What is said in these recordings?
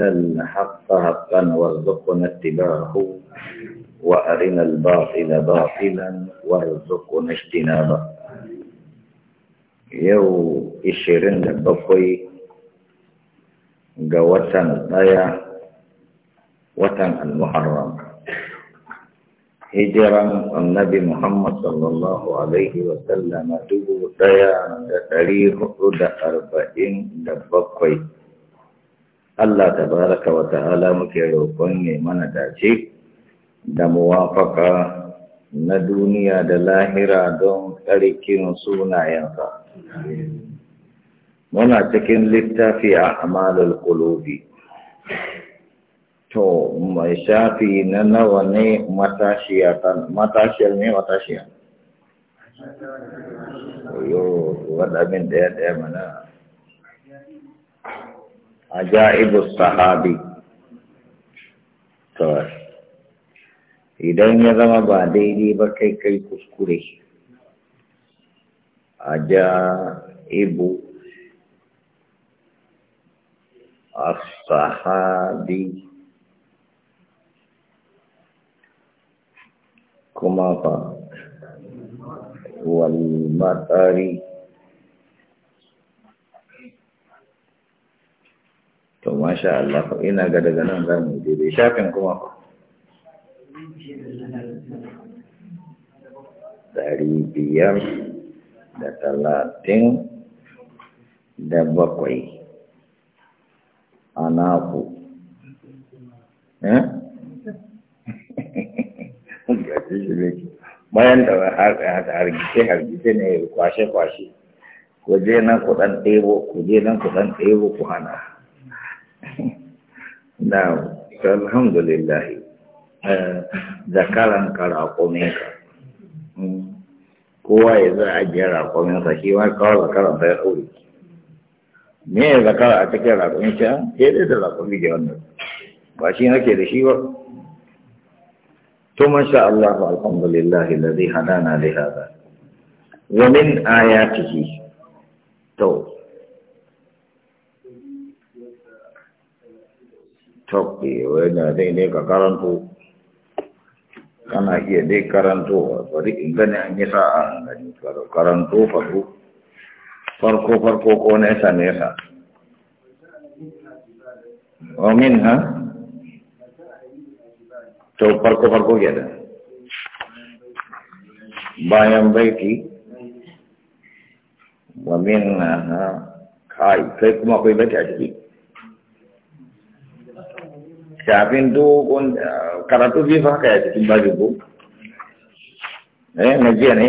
أحسن الحق حقا وارزقنا اتباعه وأرنا الباطل باطلا وارزقنا اجتنابه يو إشيرين لبقوي جواتن الآية وتن آيَةٍ، المحرم هجرا النبي محمد صلى الله عليه وسلم تبو دايا تاريخ رد أربعين لبقوي Allah tabaraka wa ta'ala muke roƙon ya mana dace da muwafaka na duniya da lahira don tsarkin sunayensa. Muna cikin littafi a amalul kulubi. To, mai shafi na nawa ne matashiyar ne matashiyar? Yo, wadda ɗaya-ɗaya mana. عجائب sahabi, to idan ya zama ba daidai ba kai kai kuskure ajaibu as-sahabi kuma fa wal matari to masha Allah ina ga daga nan za mu daidai shafin kuma dari biyar da talatin da bakwai anaku ku? Eh? bayan da hargice hargice ne kwashe kwashe ku je nan ku ɗan ɗebo ku je nan ku ɗan ɗebo ku hana na alhamdulillah zakaran eh, karakominka hmm. kowa ya za a jiya rakominsa shi ma kawo zakaran sai ɗauri me ya zakara a cikin rakomin shi ya ah? ɗaya da rakomin da wannan ba shi nake da shi ba to masha Allah alhamdulillah alladhi hadana li hada wa min ayatihi to Tafi eh, wani zai ne ka karanto, kana iya dai karanto, bari in gani an yi sa'a gani karanto farko, farko farko ko nesa nesa. Omin ha? To farko farko kenan. Bayan baiti, wa min ha, kai, kai kuma akwai baiti a ciki. shafin dogon eh, karatu biyu haka ya cikin bajin ko eh na jiya ne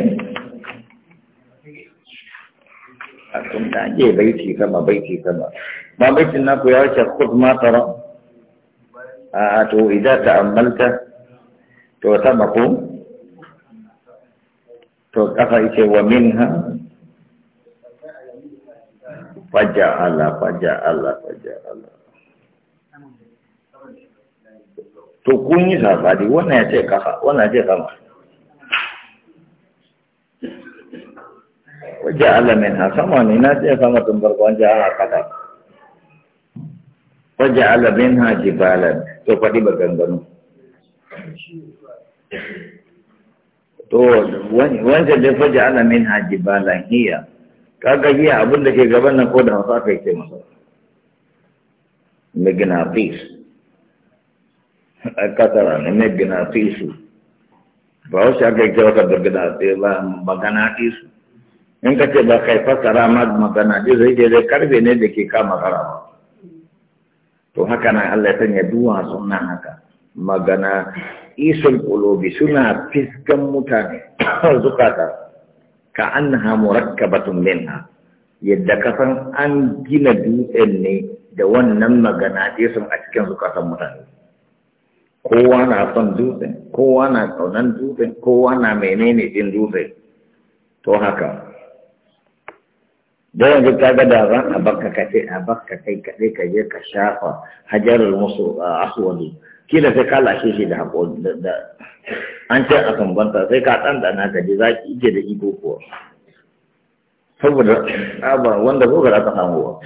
a tun da ake baiti sama baiti sama ma baitin naku ya wuce kud ma tara a to idan ta ammalta to sama ko to kafa ice wa minha faja'ala faja faja'ala to kun yi sabani wannan ya ce kasa wannan ya ce sama wajen alamin ha sama ne na ce sama tun farko wajen ana kasa wajen alamin ha jibalan to faɗi ba ganganu to wancan da faje alamin ha jibalan hiya kaga hiya abin da ke gaban nan ko da hausa kai ce masa meganapis kasara ne mai ginatsi su ba ake aka ka kyautar da ginatsi ba magana su in ka ce ba kai fasara ma magana ɗi zai je karfe ne da ke kama karama to haka na Allah ya sanya duwa suna haka magana isul kulobi suna fiskan mutane zukata ka annaha murakkabatun minha yadda kasan an gina dutsen ne da wannan magana sun a cikin zukatan mutane kowa na son dutse, kowa na kaunan dutse, kowa na menene jin dutse. to haka da yanzu ka ga da a baka ka a baka kai kaɗai ka je ka shafa hajarar musu a aswadu kila sai ka lashe shi da haƙo da an ce a sambanta sai ka ɗanɗana ka je za ki ike da iko kuwa saboda tsaba wanda zo ga ta samuwa.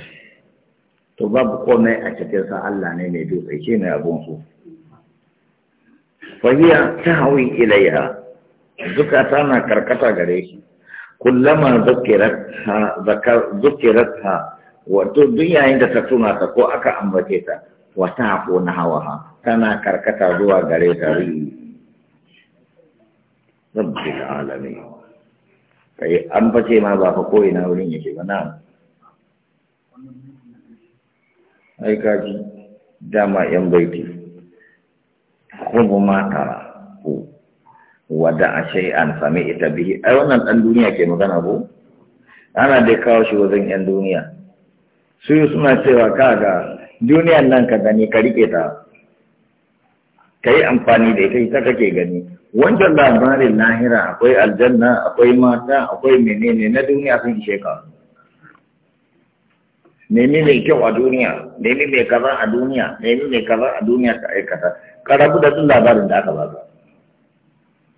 to babu komai a cikin sa Allah ne mai dutse shi ne abun su fahiya ta hawi ilaiha zukata na karkata gare shi kullama zukirat ha wato duk yayin da ta tuna ta ko aka ambace ta wata hako na hawa ha tana karkata zuwa gare ta ri rabbil alamin kai an ma ba fa ko ina wurin yake ba na ai kaji dama yan baiti خذ ما ترى wada shay'an ita bihi ai wannan dan duniya ke magana ku? ana dai kawo shi wajen ƴan duniya su suna cewa kaga duniyan nan ka gani ka riƙe ta yi amfani da ita ita kake gani wancan labarin lahira akwai aljanna akwai mata akwai menene na duniya sun ishe ka nemi mai kyau a duniya nemi mai kaza a duniya nemi mai kaza a duniya ka aikata ka rabu da duk labarin da aka ba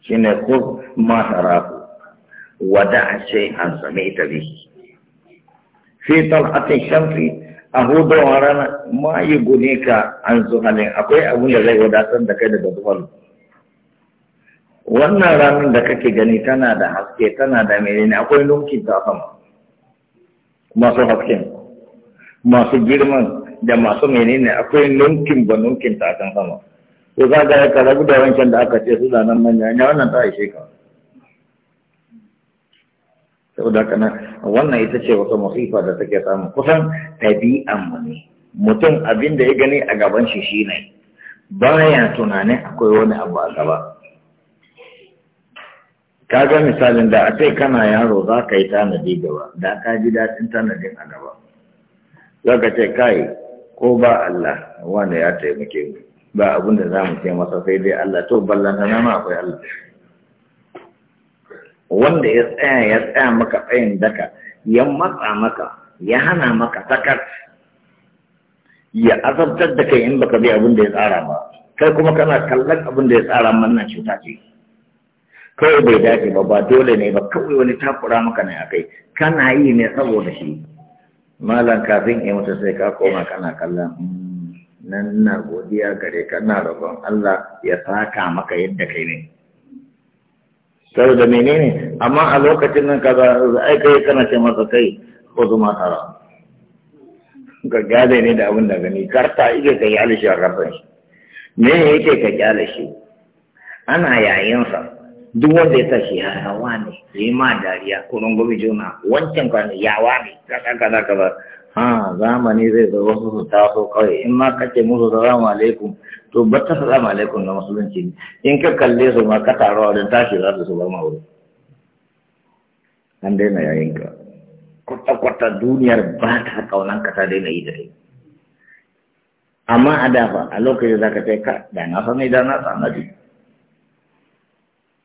shi ne ko ma tarafu wada ce an sami ita bi fi tal'atin shanfi, a hudun rana ma yi guni ka an zuhanin akwai abin da zai wadatar da kai daga zuhanin wannan ramin da kake gani tana da haske tana da menene akwai lokacin ta sama masu hasken masu girman da masu menene akwai lokacin ba lokacin ta sama to za ga ka karabu da wancan da aka ce su da nan manya ne wannan ta aishe ka saboda haka nan wannan ita ce wata masifa da take samu kusan tabi'an mu ne mutum abin da ya gani a gaban shi shi baya tunanin akwai wani abu a gaba ka ga misalin da a ce kana yaro za ka yi tanadi gaba da ka ji daɗin tanadin a gaba za ka ce kai ko ba Allah wanda ya taimake mu ba abin da za mu ce masa sai dai Allah to ballanta na ma akwai Allah wanda ya tsaya ya tsaya maka tsayin daka ya matsa maka ya hana maka sakat ya azabtar da kai in baka bi abin da ya tsara ba kai kuma kana kallon abin da ya tsara mannan cuta ce kawai bai dace ba ba dole ne ba kawai wani takura maka ne akai kana yi ne saboda shi malam kafin ya mutu sai ka koma kana kallon hmm, nan na godiya gare ka na roƙon Allah ya saka maka yadda kai ne saboda menene amma a lokacin nan ka ai kai kana ce masa kai ko zuma tara ka gade ne da abin da gani karta ike ka yi shi a shi me yake ka kyale shi ana yayinsa duk wanda ya tashi ya rawa ne ya yi ma dariya ko rungume juna wancan Ya yawa ne kaza kaza kaza ha zamani zai zo wasu su taso kawai in ma kace musu salamu alaikum to batta salamu alaikum na musulunci in ka kalle su ma ka taro a wajen tashi za su su bar ma an daina yayin ka kwata-kwata duniyar ba ta kaunan ka ta daina yi da kai amma a dafa a lokacin za ka kai ka da na sani da na tsanadi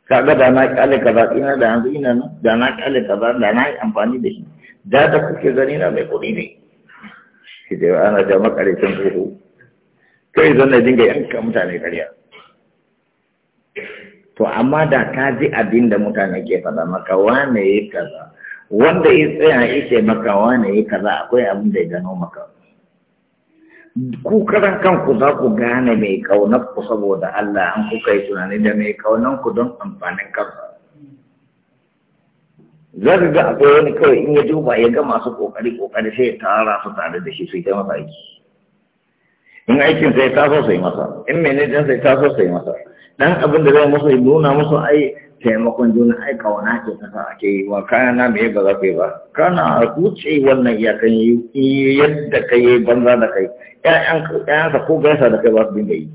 ka ga da na kyale kaza ina da yanzu ina da na kyale kaza da na yi amfani da shi da da kuke gani na mai kuɗi ne shi da ana ja makarecin kuhu kai zan na dinga yanka mutane karya to amma da ka ji abin da mutane ke faɗa maka wane yi kaza wanda ya tsaya yake maka wane yi kaza akwai abin da ya gano maka ku karan kanku za ku gane mai kaunar ku saboda Allah an kuka yi tunani da mai kaunar ku don amfanin kansa za ka ga akwai wani kawai in ya duba ya ga masu kokari kokari sai ya tara su tare da shi su yi masa aiki in aikin sai so sai masa in manajan sai so sai masa dan abin da zai musu ya nuna musu ai taimakon juna ai kauna ke ta ake yi wa kana na me ba za ka yi ba kana wuce wannan ya kan yi yadda ka yi banza da kai ƴaƴan ka ko gaisa da kai ba su dinga yi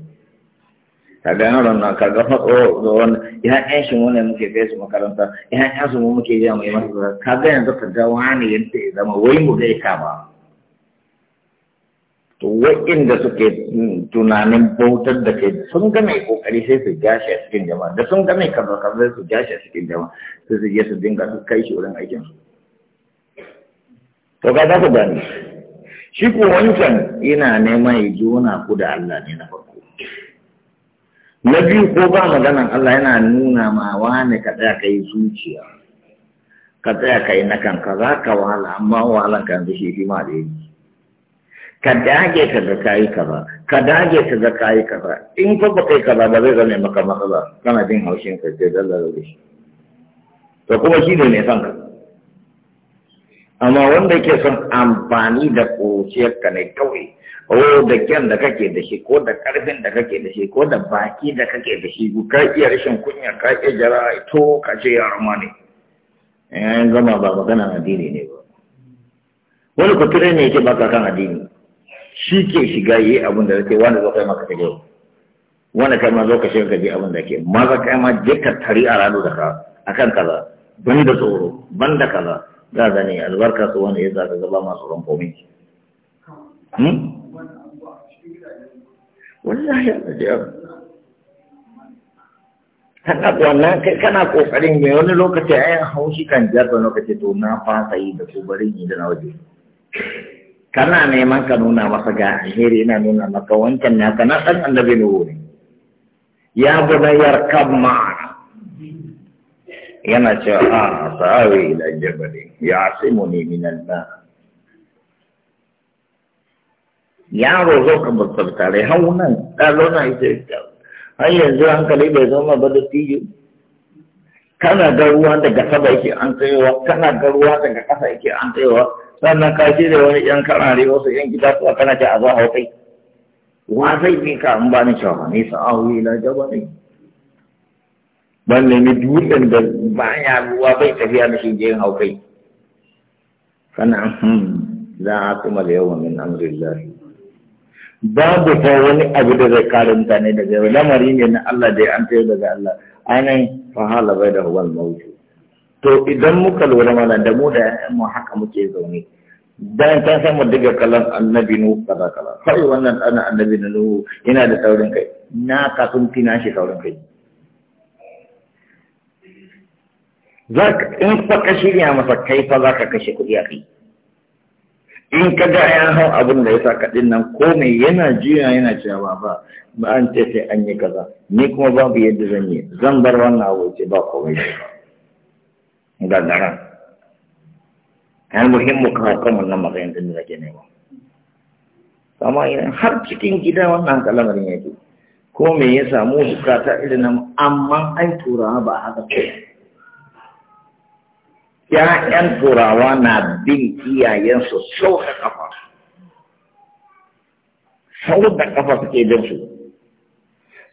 kaga yaron na kaga fatso oh, da oh, oh, wani ya ɗan shi wani muke kai su makaranta ya ɗan su mu muke jiya mai masu kaga yanzu ka ga wani yadda ya zama wai mu gai kama to waɗanda suke tunanin bautar da kai sun ga mai kokari sai su gashi a cikin jama'a da sun ga mai kaza kaza su gashi a cikin jama'a sai su je su dinga su kai shi wurin aikin su to kaga ku gani shi ko wancan yana neman ya juna ku da Allah ne na farko na biyu ko ba maganan Allah yana nuna ma wani ka tsaya ka yi zuciya ka tsaya ka yi na kanka za ka wahala amma wahalan ka yanzu shi fi ma da yi ka dage ka ga kayi kaza ka dage ka ga kayi kaza in ko ba kai kaza ba zai zame maka matsala kana jin haushin ka sai dalla da shi to kuma shi ne mai son ka amma wanda yake son amfani da kuciyar ka ne kawai ko da kyan da kake da shi ko da karfin da kake da shi ko da baki da kake da shi ka iya rashin kunya ka iya jara to ka ce ya rama ne yan eh, gama ba magana dini ne ba wani kuturai ne yake baka kan addini shi ke shiga yi abin da yake wani zo kai maka ta je wani kai ma zo ka shiga ka abin da ke maza kai ma je ka tari a rado da ka akan kaza bani da tsoro ban da kaza ga zane albarka su wani ya zaga gaba masu rumfomi hmm? wallahi al'ajab wannan kai kana kokarin mai wani lokaci ayan haushi kan jar da lokaci to na fasa yi da su bari ni da na waje kana neman ka nuna masa ga alheri na nuna maka wancan na kana dan annabi ne wuri ya bada yarkab ma'ana yana cewa a ah, sa'awi ila jabali ya asimu minan na yaro zo ka mutunta rai hau nan ɗalo na ita har yanzu hankali bai zama ba da tiyo kana ga ruwa daga kasa yake an tsayewa kana ga ruwa daga ƙasa yake an tsayewa sannan ka shi da wani yan karare wasu yan gida suwa kana ce a za a kai wa zai bi ka an bani cewa ne wuri na jaba ne ban nemi dutsen da baya ruwa bai tafiya da shi jin hau kai kana hmm, za a kuma da yawan min amrillahi babu ta wani abu da zai kare mutane daga yau lamari ne na Allah da ya an tayo daga Allah anan fa hala bai da huwal mawju to idan muka lura mana da mu da 'yan, mu haka muke zaune dan ta samu daga kalan annabi nu kaza kaza sai wannan ana annabi nu yana da taurin kai na ka sun tina shi taurin kai zaka in fa kashi ya masa kai fa zaka kashe kuɗi a kai in ka ga ya hau abin da ya sa kaɗin nan ko mai yana jiya yana cewa ba ba an ce sai an yi kaza ni kuma babu yadda zan yi zan bar wannan abu ce ba komai ba gangaren yan muhimmu ka kan wannan matsayin din da ke nema amma idan har cikin gida wannan kalamarin yake ko me ya samu bukata irin amma ai turawa ba haka kai ‘ya'yan turawa na bin iyayensu sau da ƙafa, sau da ƙafa suke bin su,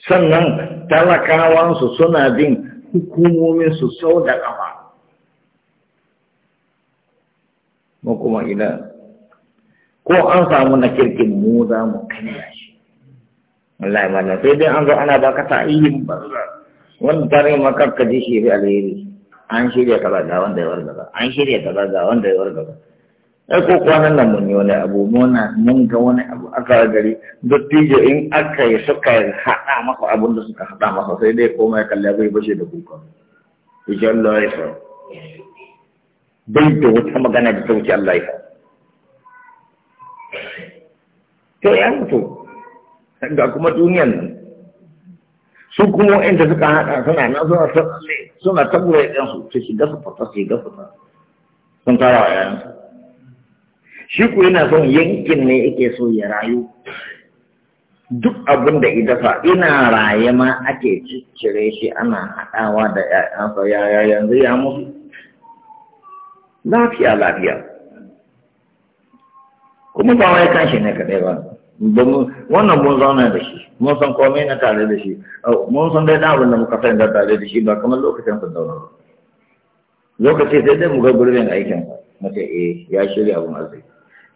sannan talakawansu suna bin hukumominsu sau da ƙafa. Ma kuma ina, ko an samu na kirkin mu za mu kanya shi. Allah ya sai dai an zo ana baka ta'ihin banza, wanda tare makar ka ji shi alheri. an shirya kaza ga wanda ya wargaza an shirya kaza ga wanda ya wargaza ai ko kwanan nan mun yi wani abu muna mun ga wani abu aka gari dattijo in aka yi suka haɗa maka abin da suka haɗa maka sai dai komai kalli abu bai bashe da kuka insha Allah ya sa bai da wata magana da ta wuce Allah ya sa to ya mutu ga kuma duniyan nan su kuma wa'inda suka haɗa suna nan suna tsalle suna tabbura ya su ta shiga su fata su shiga su fata sun tara wa yayansu shi ku yana son yankin ne yake so ya rayu duk abin da ita fa ina raye ma ake ciccire shi ana haɗawa da ‘ya'yansa yaya yanzu ya mutu lafiya lafiya kuma ba wai kan shi ne kaɗai ba wannan mun zauna da shi mun san komai na tare da shi mun san dai abin da muka fahimta tare da shi ba kamar lokacin ku zauna ba lokaci sai dai mu ga gurbin aikin mu ce eh ya shirya abin arziki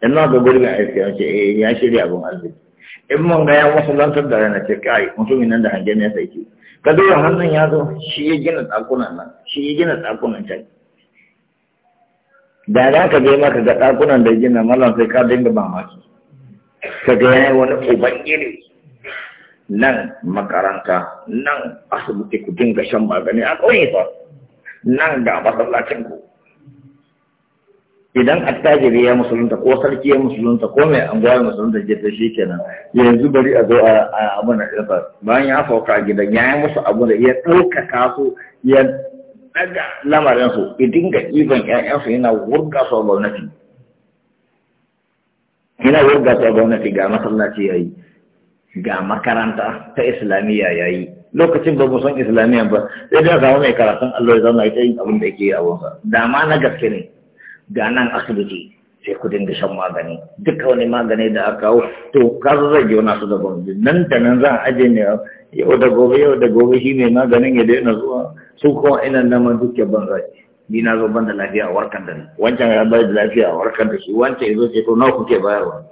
in na ga gurbin aikin mu ce eh ya shirya abin arziki in mun ga ya wasu lantar da rana ce kai mutumin nan da hange ya sai ke ka duba hannun ya zo shi ya gina ɗakunan nan shi ya gina ɗakunan can da za ka je maka ga ɗakunan da gina malam sai ka dinga maki ka ga yayi wani iri nan makaranta nan asibiti ku dinga shan magani a ƙauye ba nan ga masallacin ku idan attajiri ya musulunta ko sarki ya musulunta ko mai anguwa ya musulunta jirta shi kenan yanzu bari a zo a abin da ɗinsa bayan ya sauka a gidan ya yi musu abu da ya ɗaukaka su ya ɗaga lamarinsu idan dinga ɗiban 'ya'yansu yana wurga su a gwamnati ina wurga su a gwamnati ga masallaci ya yi ga makaranta ta islamiyya ya yi lokacin ba san islamiyya ba sai da samu mai karatun allo ya zauna ita yin abin da yake yawon ba dama da ma na gaske ne ga nan asibiti sai ku dinga shan magani duka wani magani da aka kawo to ka zage wani su da nan da nan a aje ne yau da gobe yau da gobe shi ne maganin ya daina zuwa su kuma ina nama duk ya ban zaki ni na zo ban da lafiya a warkar da ni wancan ya bayar da lafiya a warkar da shi wancan ya zo ce ko nawa kuke bayarwa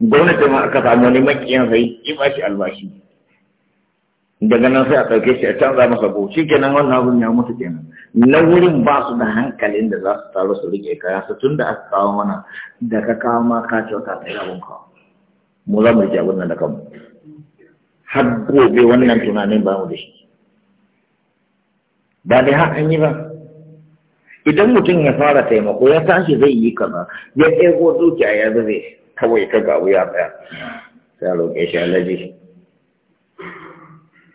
gwamnati ma aka samu wani makiyan sai ki ba shi albashi daga nan sai a ɗauke shi a canza masa ko shi kenan wannan abin ya mutu kenan na wurin ba su da hankalin da za su taru su rike kaya su tun da aka kawo mana da ka kawo ma ka ce wata tsaye abin kawo mu za mu rike da kanmu har gobe wannan tunanin ba mu da shi ba dai har an yi ba idan mutum ya fara taimako ya tashi zai yi kaza ya ɗago dukiya ya zube kawai ka gabu ya tsaya sai roƙe shi alaji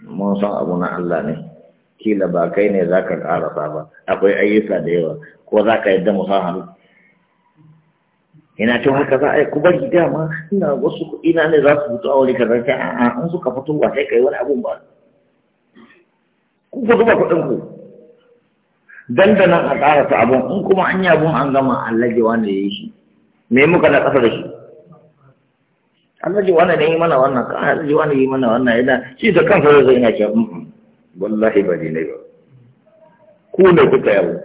mun san abu na Allah ne kila ba kai ne za ka ƙarasa ba akwai ayyuka da yawa ko za ka yadda musa hannu ina cewa haka za a yi kuma gida ma ina wasu kuɗi na ne za su fito a wani kaza sai a'a an suka fito ba sai ka yi wani abun ba ku ku zuba kuɗin ku dandanan a ƙarasa abun in kuma an yi abun an gama allaji wanda ya yi shi me muka na ƙasa da shi allaji wanda ne yi mana wannan ka wani wanda yi mana wannan yana shi da kansa zai zai yana ce mm, mm, wallahi ba ne ba ku ne kuka yau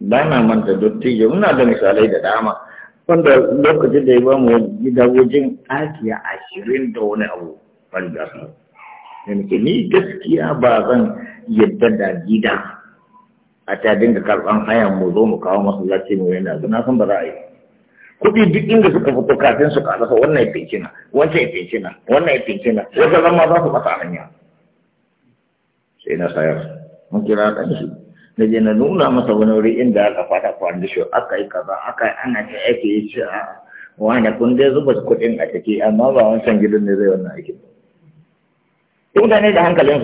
ba na manta dottijo muna da misalai da dama wanda lokacin da ya ba mu gidagojin ajiya ashirin da wani abu ban da su ya nake ni gaskiya ba zan yadda da gida a ta dinga karɓan hayan mu zo mu kawo masu lati mu yana na san ba za a yi kuɗi duk inda suka fito kafin su karasa wannan ya fincina wancan ya wannan ya fincina wata zama za su fasa hanya sai na sayar mun kira ɗan shi na je na nuna masa wani wuri inda aka fata kwan da shi aka yi kaza aka yi ana ta ake yi ci a wani kun dai zuba kuɗin a ciki amma ba wancan gidan ne zai wannan aikin ba in ne da hankalin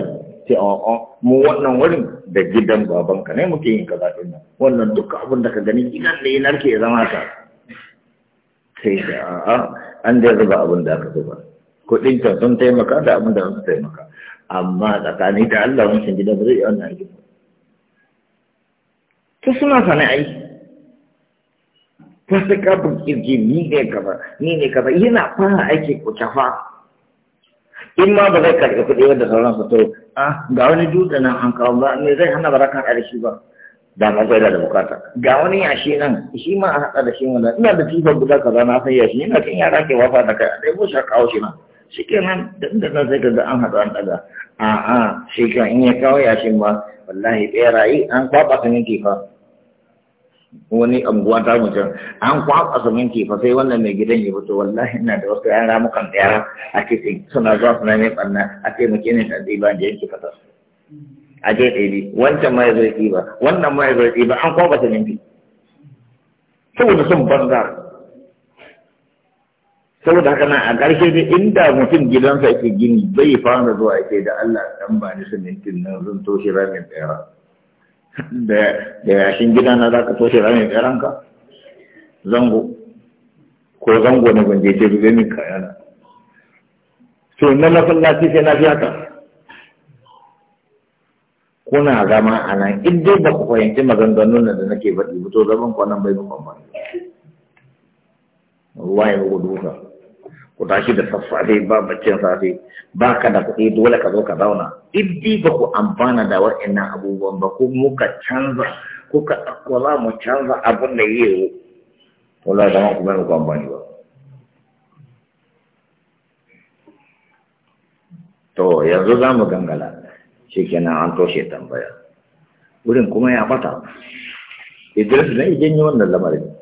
a a'a oh, oh, mu wannan wurin da gidan babanka ne muke yin kaza din nan wannan duka abin da ka gani gidan da yi narke zama ka sai da a'a an da zuba abin da aka zuba kuɗin ta sun taimaka da abin da sun taimaka amma tsakani da Allah wancan gidan zai yi wannan aiki to suna sane ai ta sai ka kirji ni ne kaba ni ne kaba yana fara aiki ko tafa. in ma ba zai karɓi kuɗi wanda sauran su to a ga wani dutse nan an kawo ba me zai hana ba za ka ba da ma zai da bukata ga wani yashi nan shi ma a haɗa da shi wanda ina da tifar guda kaza na san yashi ina kan yara ke wafa da kai a ɗaya bushe kawo shi nan shi ke nan da inda nan sai ka ga an haɗu an ɗaga a'a shi kan in ya kawo yashin ba. wallahi ɓera yi an kwaɓa kan yake fa wani anguwa ta mutum an kwakwa zumunci fa sai wannan mai gidan ya fito wallahi ina da wasu yan ramukan tsayara a ce suna zuwa suna mai ɓanna a ce muke ne ɗan ɗiba da yanke fatar a je ɗaiɗi wancan ma ya zo ɗiba wannan ma ya zo ɗiba an kwakwa zumunci saboda sun banza saboda haka nan a ƙarshe dai inda mutum gidansa yake gini bai fara zuwa yake da Allah ɗan ba ni sumintin nan zan toshe ramin tsayara da yashin gida na za ka toshe ramin zango ko zango na ban ce min kayana to na masallaci sai na fiya ka kuna zama a nan in ba ku fahimci maganganun da nake faɗi ba to zaman kwanan bai mun amfani ruwa ya muku duka ku tashi da sassafe ba baccin safe ba ka da kuɗi dole ka zo ka zauna iddi ba ku amfana da wa'annan abubuwan ba ku muka canza kuka ɗauko za mu canza abin da ya yi yau to za zama ku bai muku amfani ba to yanzu za mu gangala shi kenan an toshe tambaya wurin kuma ya bata idris na yi janyi wannan lamarin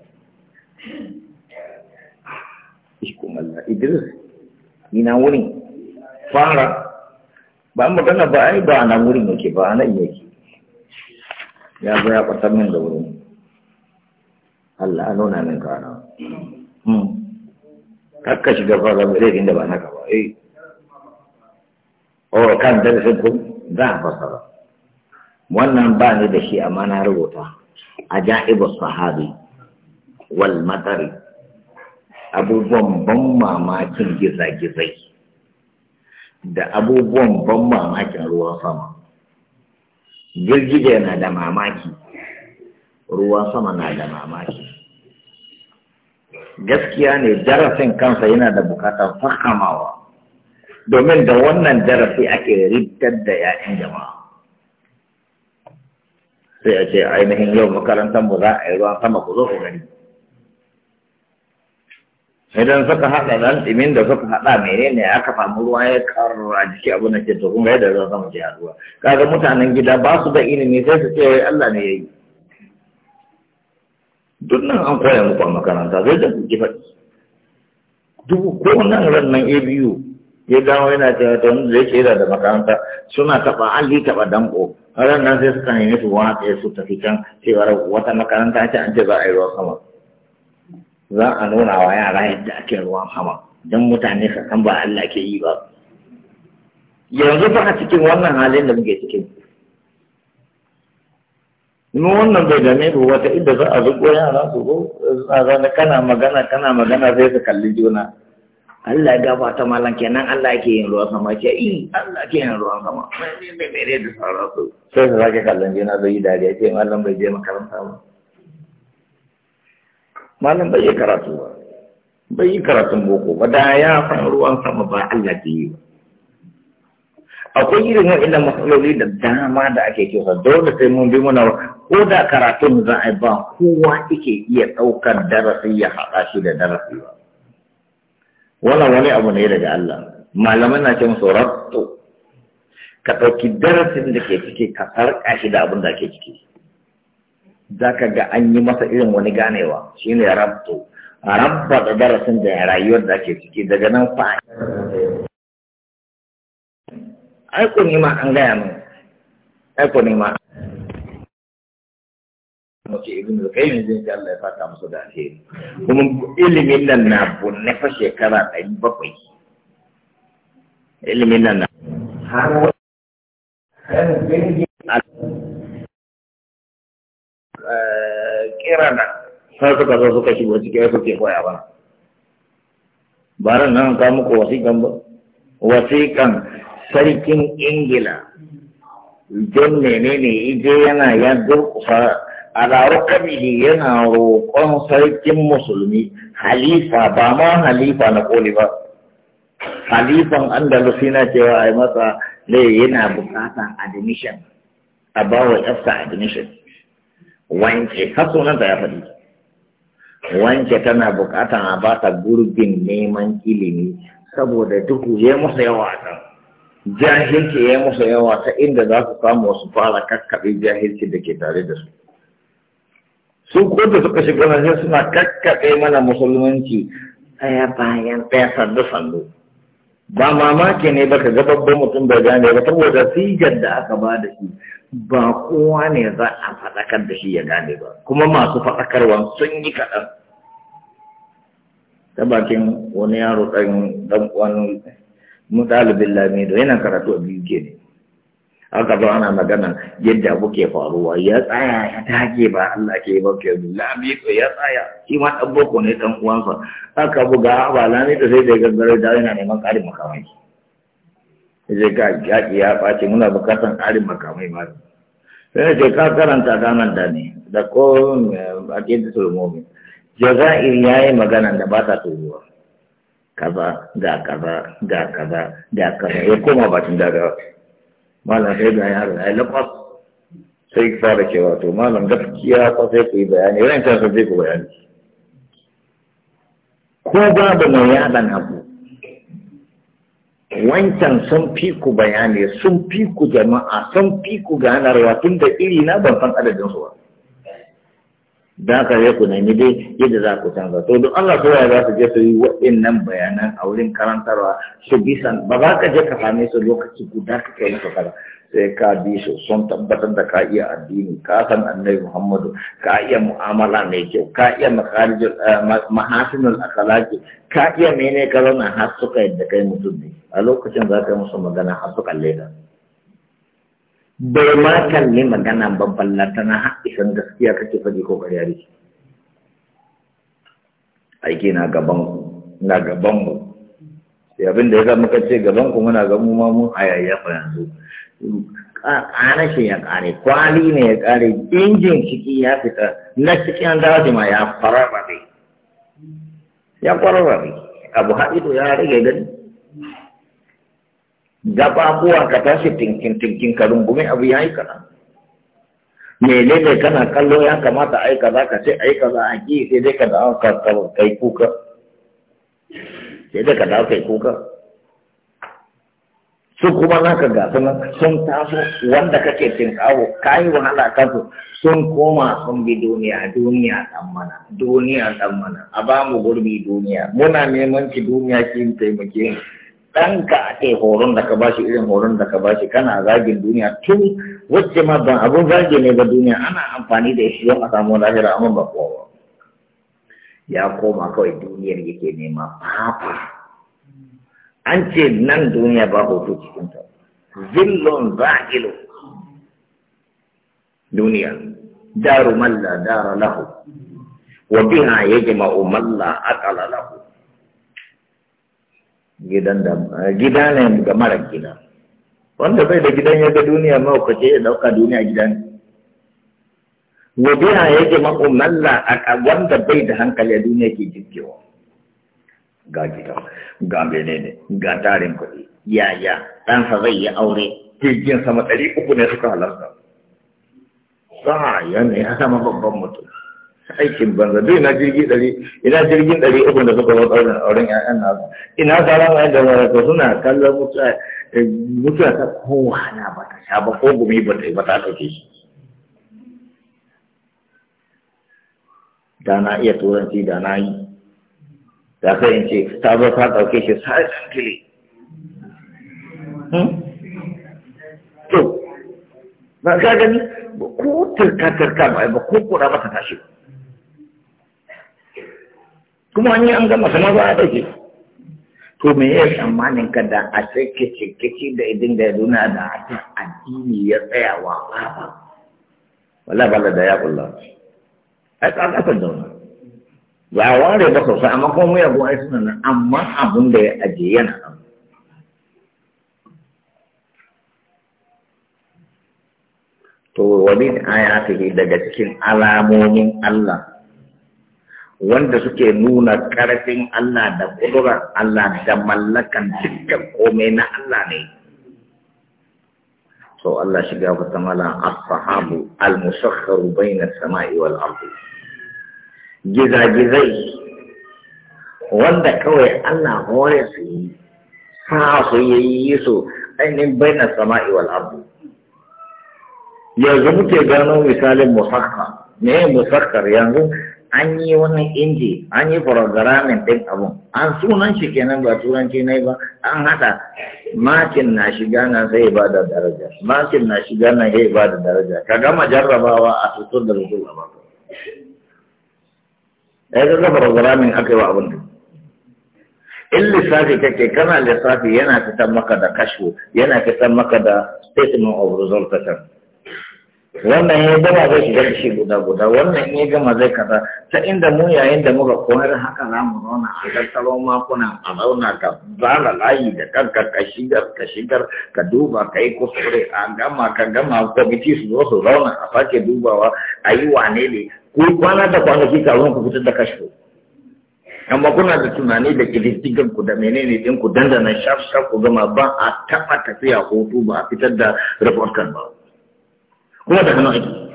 ikon Allah Idris ina wurin fara ba magana ba ai ba nan wurin yake ba nan yake ya zo ya kwatar min da wurin Allah nuna min kana hmm. kakka shiga fara mai zai inda ba na gaba eh o kan darasin ku za a fasara wannan ba ni da shi amma na rubuta ajaibu sahabi wal matari abubuwan ban mamakin gizagizai da abubuwan ban mamakin ruwan sama girgije na da mamaki ruwan sama na da mamaki gaskiya ne darasin kansa yana da bukatar fahimawa, domin da wannan darasi ake riddar da ya'yan jama'a sai a ce ainihin yau makarantar mu za a yi ruwan sama ku zo ku gani idan suka haɗa nan ɗimin da suka haɗa menene aka samu ruwa ya karo a jiki abin da ke to kun ga yadda zan samu ke haɗuwa kaga mutanen gida ba su da ilimi sai su ce wai Allah ne ya yi duk nan an koya muku a makaranta zai da kuke faɗi duk ko nan ran nan ABU ya dawo yana cewa ta wanda zai ce da makaranta suna taɓa alli taɓa danko ran nan sai suka nemi su watsa su tafi can cewa wata makaranta ce an ce za a yi ruwa sama za a nuna wa yara yadda ake ruwan sama don mutane su san ba Allah ke yi ba yanzu fa a cikin wannan halin da muke cikin Mun wannan bai dame mu wata inda za a zuko yara su go a zana kana magana kana magana sai su kalli juna Allah ya gabata malam kenan Allah yake yin ruwan sama ce eh Allah yake yin ruwan sama mai mai mai da sauransu sai su sake kallon juna zai yi dariya ce mallam bai je makaranta ba malam bai yi karatu ba bai yi karatun boko ba da ya san ruwan sama ba Allah ke yi ba akwai irin waɗannan matsaloli da dama da ake kisa dole sai mun bi muna ko da karatun za a ba kowa yake iya ɗaukar darasi ya haɗa shi da darasi ba wannan wani abu ne daga Allah malaman na ce musu ratto ka ɗauki darasin da ke ciki ka farka shi da abin da ke ciki za ka ga an yi masa irin wani ganewa shi ne rabto rabba da darasin da rayuwar da ake ciki daga nan fa ai kun yi ma an gaya min ai kun yi ma mace ibn al-qayyim zai ce Allah ya fata musu da alheri kuma ilimin nan na bunne fa shekara ɗari bakwai ilimin nan na har wani irana sai suka zo suka shigo cikin suke koya ba baran nan ka muku wasikan ba wasiƙan sarkin ingila don menene ije yana ya durƙusa a laro kabili yana roƙon sarkin musulmi halifa ba ma halifa na koli ba halifan andalusi na cewa a yi masa lai yana bukata admission a bawa yasta admission wanke har sunan da ya faɗi wanke tana buƙatar a ba ta gurbin neman ilimi saboda duhu ya musu yawa a jahilci ya musu yawa ta inda za su samu su fara kakkaɓe jahilci da ke tare da su su ko da suka shiga nan suna kakkaɓe mana musulunci ɗaya bayan ɗaya sandu sandu ba mamaki ne ba ka ga babban mutum bai gane ba saboda sigar da aka ba da shi ba kowa ne za a faɗakar da shi ya gane ba kuma masu faɗakarwa sun yi kaɗan ta bakin wani yaro ɗan ɗan uwan mutalibin lamido yana karatu a biyu ke ne aka zo ana magana yadda abu faruwa ya tsaya ya take ba Allah ke ba ke lami ya tsaya shi ma dan boko ne dan uwansa aka buga ba ne da sai da gangare da yana neman karin makamai sai ga ya ya ɓaci muna bukatan karin makamai ma sai ce ka karanta nan da ne da ko eh, a kinta sulmomi jaza'ir ya yi magana da ba ta turuwa kaza ga kaza ga kaza ga kaza ya koma bakin daga malam sai da yaro ya lafas sai fara cewa to malam gaskiya ko sai ku yi bayani ran ta sai ku bayani ko babu mai yadan abu wancan sun fi ku bayani sun fi ku jama'a sun fi ku ganarwa tun da iri na ban san adadin su ba dan ka yi ku dai yadda za ku canza to don Allah ta yaya za su je su yi waɗannan bayanan a wurin karantarwa su bisa ba za ka je ka same su lokaci guda ka kai musu sai ka bi su sun tabbatar da ka iya addini ka san annabi Muhammadu ka iya mu'amala mai kyau ka iya makarijin eh, mahasinul akhlaqi ka iya mene ka zauna har suka yadda kai mutum ne a lokacin za ka yi musu magana har su leda bai ma kalli magana babban latana haɗisan gaskiya kake faɗi ko ƙarya ne aiki na gaban na gaban mu sai da ya zama ka ce gaban ku muna ga mu ma mun hayayyafa yanzu ƙara shi ya ƙare kwali ne ya ƙare injin ciki ya fita na cikin daji ma ya kwararrabe ya kwararrabe abu haɗi to ya rage gani Gaba gababuwan ka tashi tinkin tinkin ka rungume abu ya yi kana menene kana kallo ya kamata yi kaza ka ce yi kaza a ki sai dai ka da ka kai kuka sai dai ka da kai kuka su kuma ka gasu nan? sun taso wanda kake tinkawo kayi wahala kansu sun koma sun bi duniya duniya dan mana duniya dan mana a ba mu gurbi duniya muna neman ki duniya ki taimake mu ɗanka a ce horon da ka bashi irin horon da ka ba shi kana zagin duniya tun wacce ma ban abun zagi ne ba duniya ana amfani da shi don a samu lahira amma ba kowa ya koma kawai duniyar yake nema fafa an ce nan duniya ba hoto ta zillon za'ilo duniya daru malla dara lahu wa biha yajma'u malla aqala lahu gidan da gida ne ga mara gida wanda bai da gidan ya ga duniya ma ce ya dauka duniya gidan wabiya yake ma'umalla a wanda bai da hankali a duniya ke jirgewa ga gida ga ne, ga tarin kuɗi yaya ɗansa zai yi aure jirgin sama ɗari uku ne suka halarta sa yana ya sama babban mutum aikin banza duk ina jirgi ɗari ina jirgin ɗari uku da suka zo ɗaurin auren ƴaƴan nasu ina tsara ma yadda mara ko suna kallon eh, mutuwa ta kowa na ba ta sha ba ko gumi ba ta ba ta ɗauke shi da na iya turanci da na yi da ka yin ce ta zo ta ɗauke shi silently hmm? to ba ka gani ko turka turka ba ko kura ba ta tashi ba kuma an yi an gama sama ba a ke. to me ya tsammanin ka da a sai kici da idin da nuna da akan addini ya tsaya wa baba wala bala da ya kulla a tsakasar da wani ba ware ba sosai amma kuma mu yabo ai suna nan amma abun da ya aje yana nan to wani ayatihi daga cikin alamomin Allah wanda suke nuna ƙarfin Allah da ƙudurar Allah da mallakan dukkan komai na Allah ne. So Allah shiga ta mala as-sahabu al-musakharu bayna samai wal ardi. Gizagizai wanda kawai Allah hore su yi sa su yi su ainihin bayna sama'i wal ardi. Yanzu muke gano misalin musakhar, me musakhar yanzu an yi wani inji an yi programming ɗin abun an sunan shi kenan ba turanci ne ba an haɗa makin na shiga nan zai ba da daraja makin na shiga nan zai ba da daraja ka gama jarrabawa a tutur da rubutu a baka ya ga ga programming aka yi wa abun da in lissafi kake kana lissafi yana fitan maka da kashu yana fitan maka da statement of result ta can wannan ya gama zai shiga da shi guda guda wannan ya gama zai kaza ta inda mu yayin da muka koyar haka za mu zauna a tattaro makuna a zauna ka zala layi da kanka ka shigar ka shigar ka duba ka yi kuskure a gama ka gama kwamiti su zo su zauna a sake dubawa a yi wane ne ko kwana da kwanaki kafin ku fitar da kashi amma kuna da tunani da kididdigan ku da menene din ku dandana shaf shaf ku gama ba a taɓa tafiya hutu ba a fitar da rahoton ba. 我怎么知道？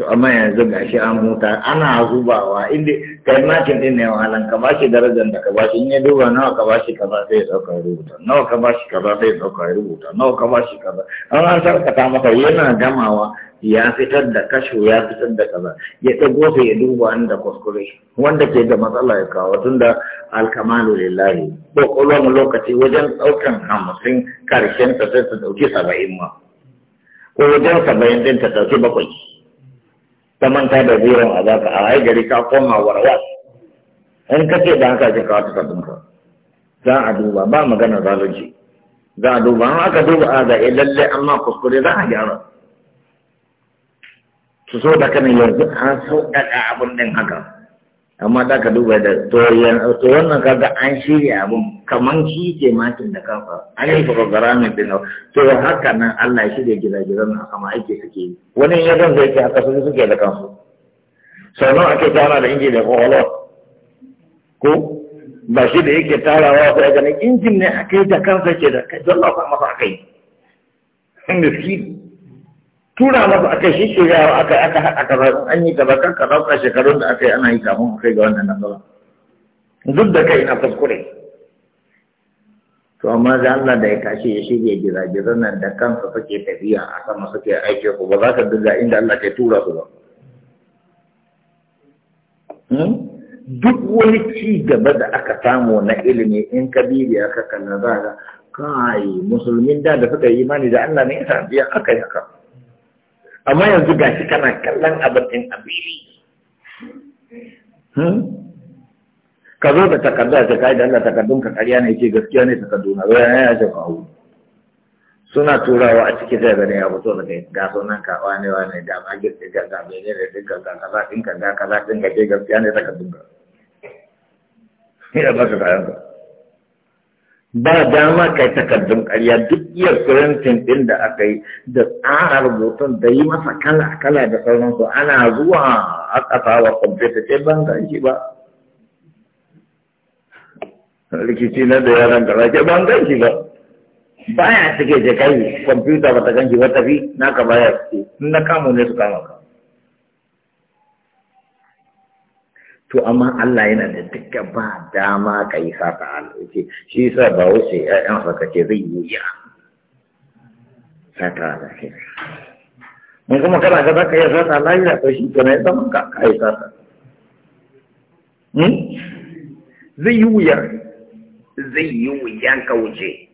to amma yanzu ga shi an huta ana zubawa inda kai makin din ne wahalan ka bashi darajar da ka bashi in ya duba nawa ka bashi kaza sai ya dauka rubuta nawa ka bashi kaza sai ya dauka rubuta nawa ka bashi kaza an an sarkata maka yana gamawa ya fitar da kasho ya fitar da kaza ya dago sai ya duba inda kuskure wanda ke da matsala ya kawo tunda alkamalu lillahi ko kullum lokaci wajen daukan hamsin karshen ta sai ta dauki saba'in ma ko wajen saba'in din ta dauki bakwai ta manta da zero a zaka a ai gari ka koma warwa in ka ce da haka ce ka wata ka za a duba ba magana zalunci za a duba an aka duba a ga eh, lalle amma kuskure za a gyara su so da kanin yanzu an sauƙaƙa abin din haka amma da ka duba da to wannan kaga an shirya abun kaman shi ke makin da kafa an yi fagagara mai bin to haka nan Allah ya shirya gizagizan na sama ake suke wani ya zan zai ke haka su suke da kansu sau nawa ake tara da inji da kwakwalwa ko ba shi da yake tarawa ko ya ganin injin ne aka yi da kansa ke da kai don lafa masa aka yi miskini tura masa aka shi shirya aka aka aka an yi gaba kan ka dauka shekarun da aka yi ana yi kafin kai ga wannan nasara duk da kai na kuskure to amma da Allah da ya tashi ya shirya gizagizan nan da kansa suke tafiya a sama suke aiki ku ba za ka duga inda Allah ke tura su ba hmm? duk wani ci gaba da aka samu na ilimi in kabiri aka kalla za ka kai musulmin da da suka yi imani da Allah ne ya tafiya aka yi haka amma yanzu ga shi kana kallon abin a abiri hmm? ka zo da takardu a kai da Allah takardun ka ƙarya ne ce gaskiya ne takarduna zo yana ce kawo suna turawa a cikin sai gani ya fito da kai ga sunan ka wane wane ga magir ga ga bene da dinka ga kaza ɗinka ga kaza ɗinka ce gaskiya ne takardun ka ya ba ka kayan ka ba dama kai takardun ƙarya duk iya kurantin ɗin da aka yi da tsara rubutun da yi masa kala kala da sauransu ana zuwa a ƙasa wa kwamfeta ce ban ga shi ba rikici na da yaran da ke ban ga shi ba baya suke je kai kwamfuta ba ta gan shi ba tafi ba baya su na kamo ne su kama ka to amma Allah yana da duka ba dama ka yi haka alauke shi sa ba wuce ‘ya'yan haka ce zai yi ya saka al'uke mun kuma kana ga za ka yi haka lafiya to shi ko na yi zama ka ka yi haka hmm? zai yi wuya zai yi wuya ka wuce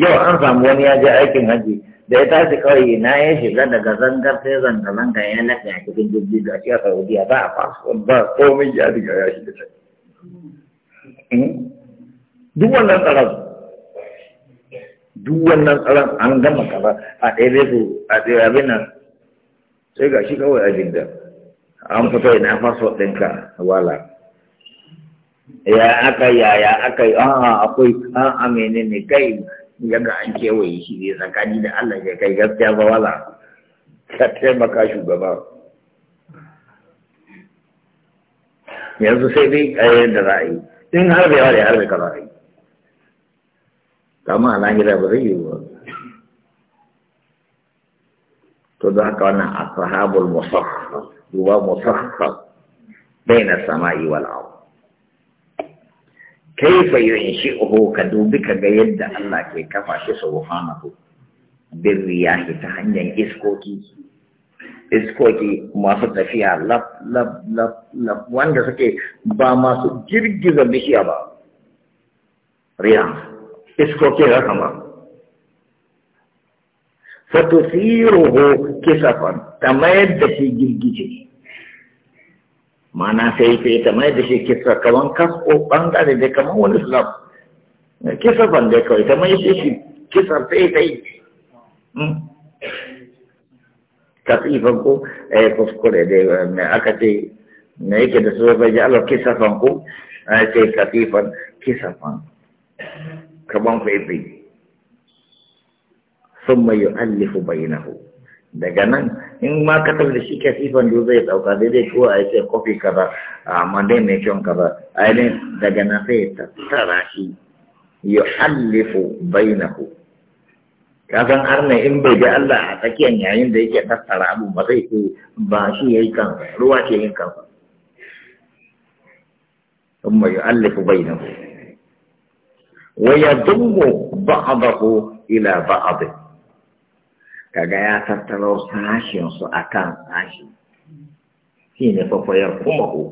yau an samu wani ya je aikin haji da ya tashi kawai na ya shiga daga zangar sai zanga-zanga ya lafi a cikin jirgi ga shi a saudiya ba a fasuwan ba komai ya riga ya shiga can hmm? duk wannan tsaron duk wannan tsaron an gama kaza a ɗaya su a ɗaya abin nan sai ga shi kawai a jirgin an fito ina fasuwan ɗinka wala ya aka yaya aka yi ah, ah, a akwai an amene ne kai yaga an kewaye shi ne tsakani da Allah ya kai gaskiya ba wala ka taimaka shugaba yanzu sai dai ƙayayyar da za a yi in harbe yawa da harbe ka za a yi kama a lahira ba zai yi ba to da haka wannan ashabul musakhkhar huwa musakhkhar baina samai wal ardh kaifa yunshi'uhu ka dubi ka ga yadda Allah ke kafa shi subhanahu bi riyahi ta hanyar iskoki iskoki masu tafiya lab lab lab lab wanda suke ba masu girgiza bishiya ba riya iskoki haka ba fatusiruhu kisafan ta mayar da shi girgije mana sai sai ta mai da shi kisa kaman kasko bangare da kaman wani islam kisa ban da kawai ta mai da shi kisa sai ta yi hmm. kasifan ko eh kuskure da me aka ce me yake da su bai jalo kisafan ko a ce kasifan kisafan kaman faifai ثم na بينه daga nan in ma ka tafi da shi kasifan da zai dauka daidai ko a ce kofi kaza amma dai mai kyan kaza a yi daga nan sai tattara shi ya allifu bainahu ka san har ne in bai ga Allah a tsakiyar yayin da yake tattara abu ba zai ce ba shi yayi kansa ruwa ce yin kansa ثم يؤلف بينه ويضم بعضه إلى بعضه kaga ya tattaro sashensu a kan sashi shi ne fafayar kuma ko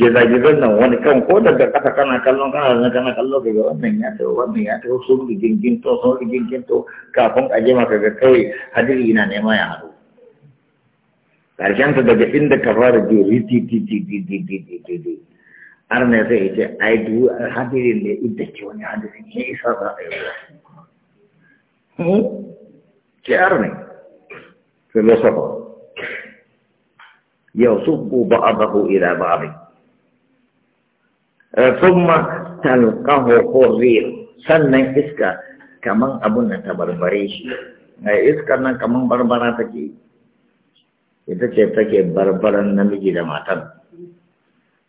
gizagizan nan wani kan ko daga ƙasa kana kallon kana zan kana kallon daga wannan ya tawo wannan ya tawo sun rigingin to sun rigingin to kafin a jima kaga kawai hadiri na nema ya haɗu ƙarshen ta daga inda ka fara je rititititititititi har ne sai ya ce ai duk hadirin ne idda ce wani hadirin ne, isa za a yi hmm? ciyar ne filosofa yau subbu ba'adahu ila ba'adi eh, thumma talqahu hurrir sannan iska kaman abun nan ta barbare shi eh, Iska nan kaman barbara take ita ce take barbaran namiji da matan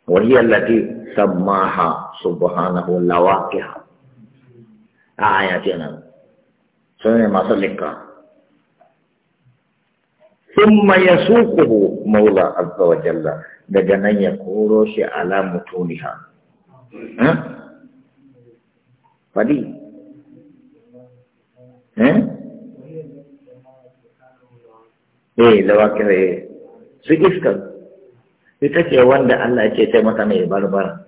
وهي التي سماها سبحانه لواقع آياتنا سنة ما سلكا ثم يسوقه مولى عز وجل daga nan ya koro shi ala mutuniha fadi eh eh lawakire su iska ita ce wanda Allah ce ce mata mai barbara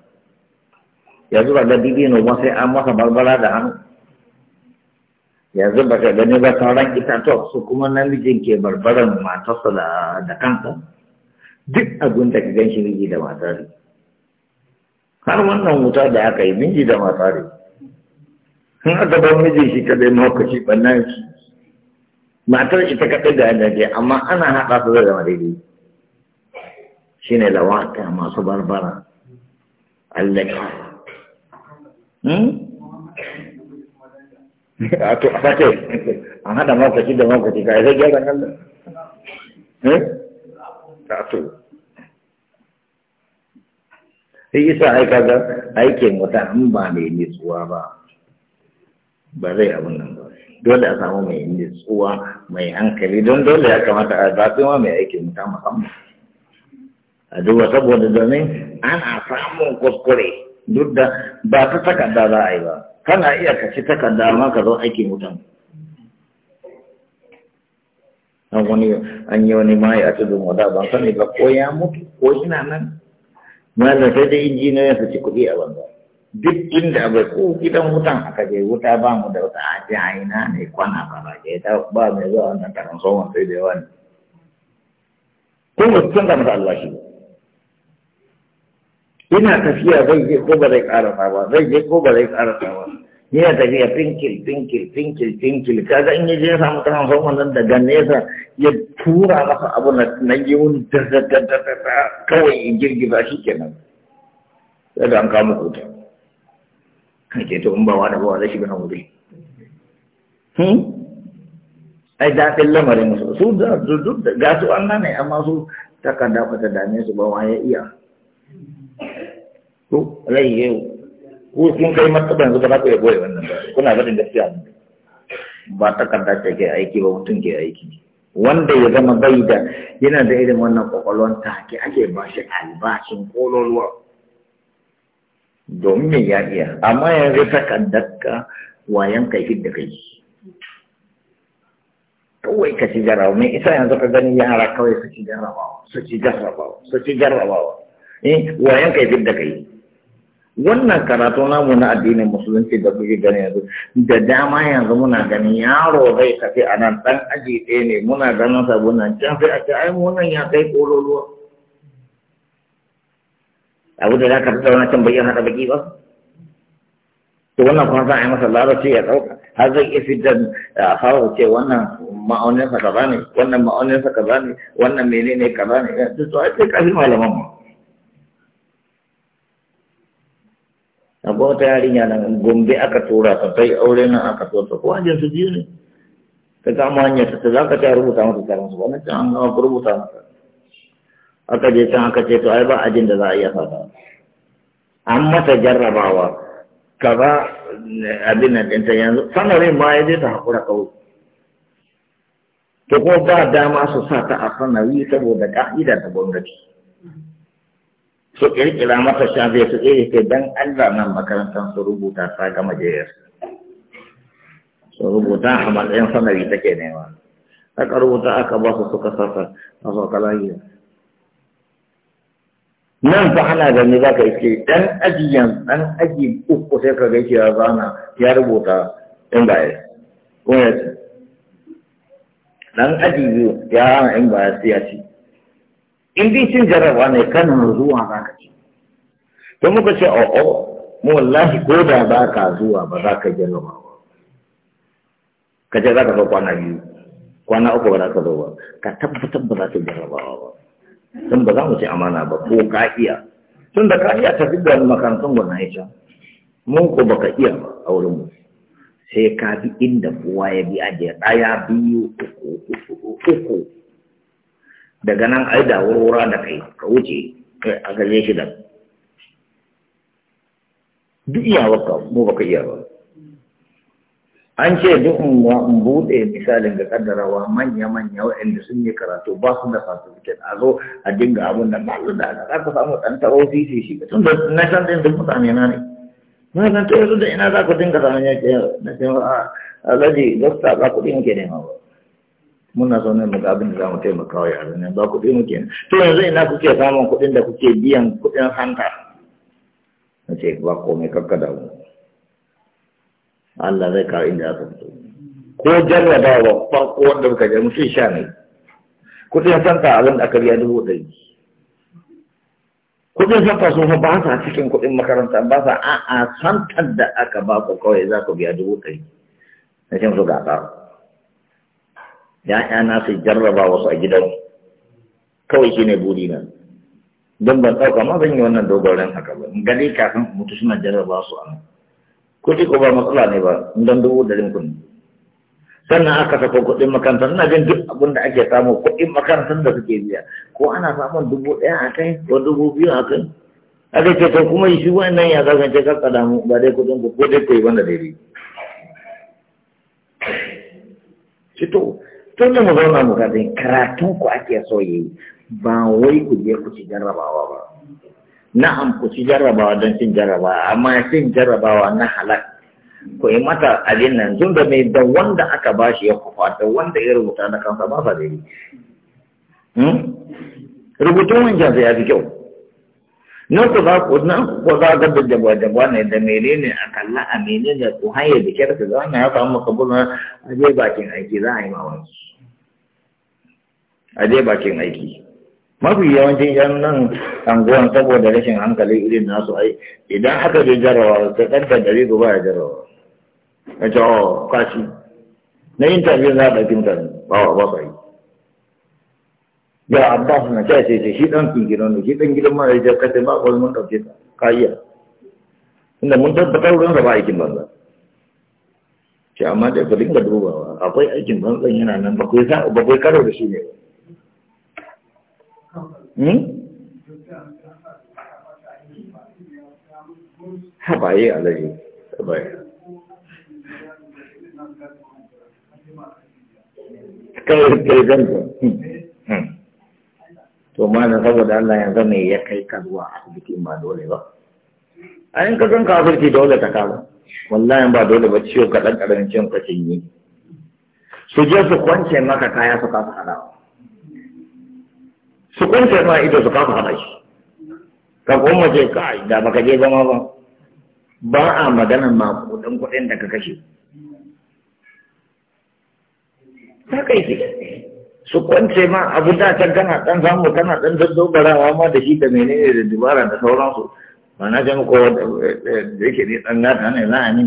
yanzu ba da no ma sai an masa barbara da hannu yanzu ba ka gani ba sauran itatuwa su kuma namijin ke barbaran matarsa da kansa duk abin da ka gan shi miji da mata ne har wannan wuta da aka yi miji da mata ne in aka ba miji shi kadai mahaukaci ɓannan shi matar ita kadai da yanzu amma ana haɗa su da zama daidai shi ne lawaka masu barbara allaka a to a sace an haɗa makaci da makaci ka sai gyara kallon eh a to sai isa ai kaga aikin wata an ba mai nitsuwa ba ba zai abin nan ba dole a samu mai nitsuwa mai hankali don dole ya kamata a zaɓi ma mai aikin wuta musamman a duba saboda domin ana samun kuskure duk da ba ta takarda za a yi ba kana iya ka ci takarda amma ka zo aiki wutan an wani an yi wani mai a tudun wada ban sani ba ko ya mutu ko ina nan malam sai dai injiniya su ci kuɗi a banza duk inda bai ko gidan wutan aka je wuta ba mu da wuta a ji a ina ne kwana ba ba ke ta ba mai zuwa wannan taron tsohon sai da yawa ne ko mutum da mutu albashi ba Ina tafiya zai je ko ba zai karasa ba zai je ko ba zai karasa ba Ina tafiya finkil finkil finkil finkil kaga in yaje ya samu ta hawan nan daga nesa ya tura masa abu na na yiwun da da da da kawai in girgiza shi kenan sai da an kama kuta kake to in ba wa da ba zai shiga na wuri hmm? ai daɗin lamarin su su da duk da gasu an nane amma su takarda ba ta dame su ba wa ya iya ko rai yau ko sun kai martaba yanzu ba za ku iya wannan ba kuna ganin gaskiya ne ba takarda ce ke aiki ba mutum ke aiki wanda ya zama bai da yana da irin wannan kwakwalwan ta ke ake ba shi albashin kololuwa domin ya iya amma yanzu takardarka wayan kai fit da kai kawai ka ci jarawa mai isa yanzu ka gani yara kawai su ci jarabawa su ci jarabawa su ci jarabawa eh wayan kai fit da kai wannan karatu namu na addinin musulunci da kuke gani yanzu da dama yanzu muna ganin yaro zai tafi a nan Dan aji ɗaya ne muna ganin sabon nan can sai a ce ai wannan ya kai ƙololuwa abu da za ka fi zauna can bayyana da baki ba to wannan kuma za a yi masa larabci ya ɗauka har zai iya fitar a fara ce wannan ma'auninsa kaza ne wannan ma'auninsa kaza ne wannan menene kaza ne to ai sai kafin malaman mu abu wata yarinya nan gombe aka tura ta sai aure nan aka tura ta ko hanyar su biyu ne ta kama hanyar ta ta za ka ta rubuta mata tarin su wani can an gama ku rubuta mata aka je can aka ce to ai ba ajin da za a iya fata an mata jarrabawa Ka ba abin nan ɗinta yanzu sanarin ma ya je ta haƙura kawai to kuma ba dama su sa ta a sanawi saboda ƙa'ida ta gwamnati su ƙirƙira mata shafi su tsere ke don Allah nan makarantar su rubuta ta gama jayar su rubuta a matsayin sanari take nema aka rubuta aka ba su suka sassa a sauƙalayi nan fa ana gani za ka iske dan aji dan aji uku sai ka gaishe ya zana ya rubuta in baya kuma ya ce dan aji biyu ya hana in ba sai ya ce in dai cin jarabawa ne kana zuwa za ka ci to muka ce o'o oh, oh, mu wallahi ko da ba ka zuwa ba za ka jarabawa ka ce za ka zo kwana biyu kwana uku ba za ka zo ba ka tabbatar ba za ka jarabawa ba tun ba za mu ce amana ba ko ka iya tun da ka iya tafi da makarantun gwanaye aisha mun ko ba ka iya ba a wurin mu sai ka bi inda kowa ya bi jiya ɗaya biyu uku uku uku daga nan ai da wurwura da kai ka wuce kai a gaje shi da duk iyawarka mu baka iya ba an ce duk in buɗe misalin ga kaddarawa manya-manya waɗanda sun yi karatu ba su da certificate a zo a dinga abun da ba su da za ka samu ɗan taro sisi shi tun da na san ɗin duk mutane na ne na san ta yanzu da ina za ku dinga samun yake na ce a alaji dokta ba dinga ne nema ba muna zaune mu ga abin da zamu taimaka wa yaran nan ba kuɗi muke to yanzu ina kuke samun kuɗin da kuke biyan kuɗin hanta na ce ba komai kakka da mu Allah zai kawo inda aka fito ko jarrabawa farko wanda muka je mutum sha ne kuɗin hanta abin da aka biya dubu ɗari kuɗin hanta sun ba sa cikin kuɗin makaranta ba sa a'a santar da aka ba ku kawai za ku biya dubu ɗari na ce musu ga ƙara ya'yana su jarraba wasu a gidan kawai shine buri na don ban ɗauka ma zan yi wannan dogon haka ba in gani kafin mutu suna jarraba su a nan Ko ko ba matsala ne ba don dubu da rinkun sannan aka sako kuɗin makaranta ina jin duk abin da ake samu kuɗin makarantar da suke biya ko ana samun dubu ɗaya a kai ko dubu biyu a kai aka ce to kuma shi wannan ya kasance kasa damu ba dai kuɗin ku ko dai ku yi wanda daidai to, tun da mu zauna mu gadin karatun ku ake so yi ba wai ku je ku ci jarrabawa ba na'am ku ci jarrabawa don cin jarrabawa amma cin jarrabawa na halak ku yi mata abin nan tun da mai da wanda aka bashi ya kufa da wanda ya rubuta na kansa ba sa yi. Hmm? rubutun wancan sai ya fi kyau nan ku za ku na ku za ga da jaba ne da menene a kalla a menene ku hanyar da kyar ka za na ya samu kabulin a je bakin aiki za a yi ma wani a je bakin aiki mafi yawancin yan nan anguwan saboda rashin hankali irin nasu ai idan haka je jarawa ta ɗan ɗari gaba ya jarawa ya ce oh kashi na interview za a ɗauki mutane ba ba sa yi ya abbas na kya ce ce shi ɗan kinkinan ne shi ɗan gidan mara ya ta, ba kawai mun ɗauke ka ka iya inda mun tabbatar wurin ba aikin banza ce amma dai ku dinga dubawa akwai aikin banzan yana nan ba ku karo da shi ne ba Hmm? haɓaye eh, alaji haɓaye eh. kawai kai ganta hmm. hmm. to ma na saboda Allah yanzu mai ya kai ka zuwa asibiti ba dole ba a yin kasan ka asibiti dole ta kama wallahi ba dole ba ciwo kaɗan ƙaramin ciwon kake yi su je su kwance maka kaya su kasa haɗawa su kunce ma ido su kafa hana shi ka kuma ce kai da baka je zama ba ba a maganar ma kudin kudin da ka kashe ta kai sai. su kwance ma abu da can kana dan samu kana dan daddogarawa ma da shi da menene da dubara da sauransu ba na jan ko eh, da yake ne dan gata ne za a ni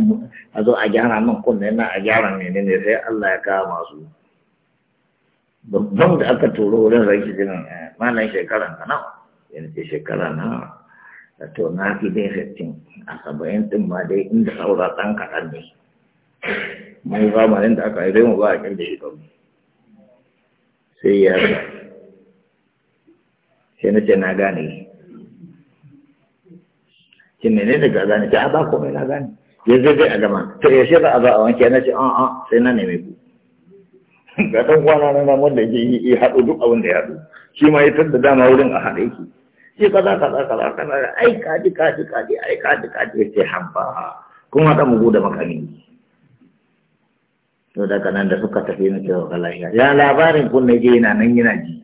a zo a gyara min kunne na a gyara menene sai Allah ya kawo masu babban da aka turo wurin zaki jinin eh, malan shekara ka nawa yana ce shekara na a to na fi dai sittin a saba'in din ma dai inda saura ɗan kaɗan ne mai zamanin da aka yi mu ba a kyan da shekaru sai ya sai na ce na gane shi ne ne daga gane ce a ba komai na gane yanzu zai a gama to yaushe ba a ba a wanke na ce an-an sai na nemi ku ga ɗan kwana na nan wanda yake yi haɗu duk abin da ya haɗu shi ma ya tadda dama wurin a haɗe yake shi kaza kaza kaza kaza ai kaji kaji kaji ai kaji kaji ya ce hamba kuma haɗa mugu da makami to daga nan da suka tafi na cewa lafiya ya labarin kun na je yana nan yana ji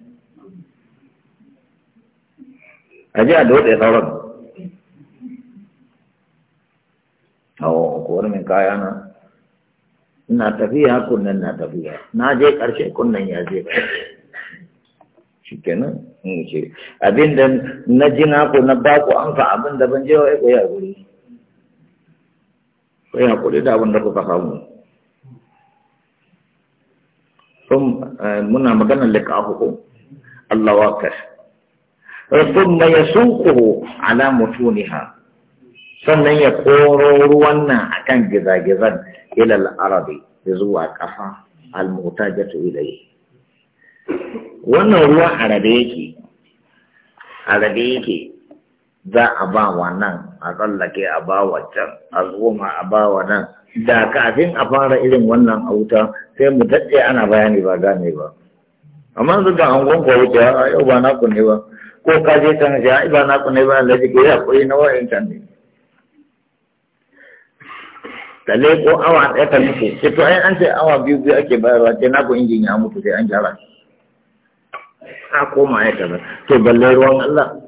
a ji a dole sauran a kowar min kaya na ina tafiya kunnan na tafiya na je ƙarshe kunnan ya je shi kenan in ce abin da na ji na ku na ba ku an fa abin da ban je wa ko ya guri ko ya kuri da abin da ku kuka mu sun eh, muna maganar liƙa hukum Allah wa kash ثم يسوقه على ha. sannan ya koro ruwan nan akan gizagizan ilal arabi zuwa kafa yi ilai wannan ruwan arabe yake arabe yake za a ba wa nan a tsallake a ba wa can a tsoma a ba wa nan da kafin a fara irin wannan a wuta sai mu daɗe ana bayani ba gane ba amma su ga an gonko wuce a yau ba na ne ba ko ka je can ya ba na ne ba a ya ke ya koyi na wa'in can ne Tale ko awa ɗaya ta nufi sai to ai an ce awa biyu biyu ake bayarwa ce na ku injin ya mutu sai an gyara shi ka koma ya kaza to balle ruwan Allah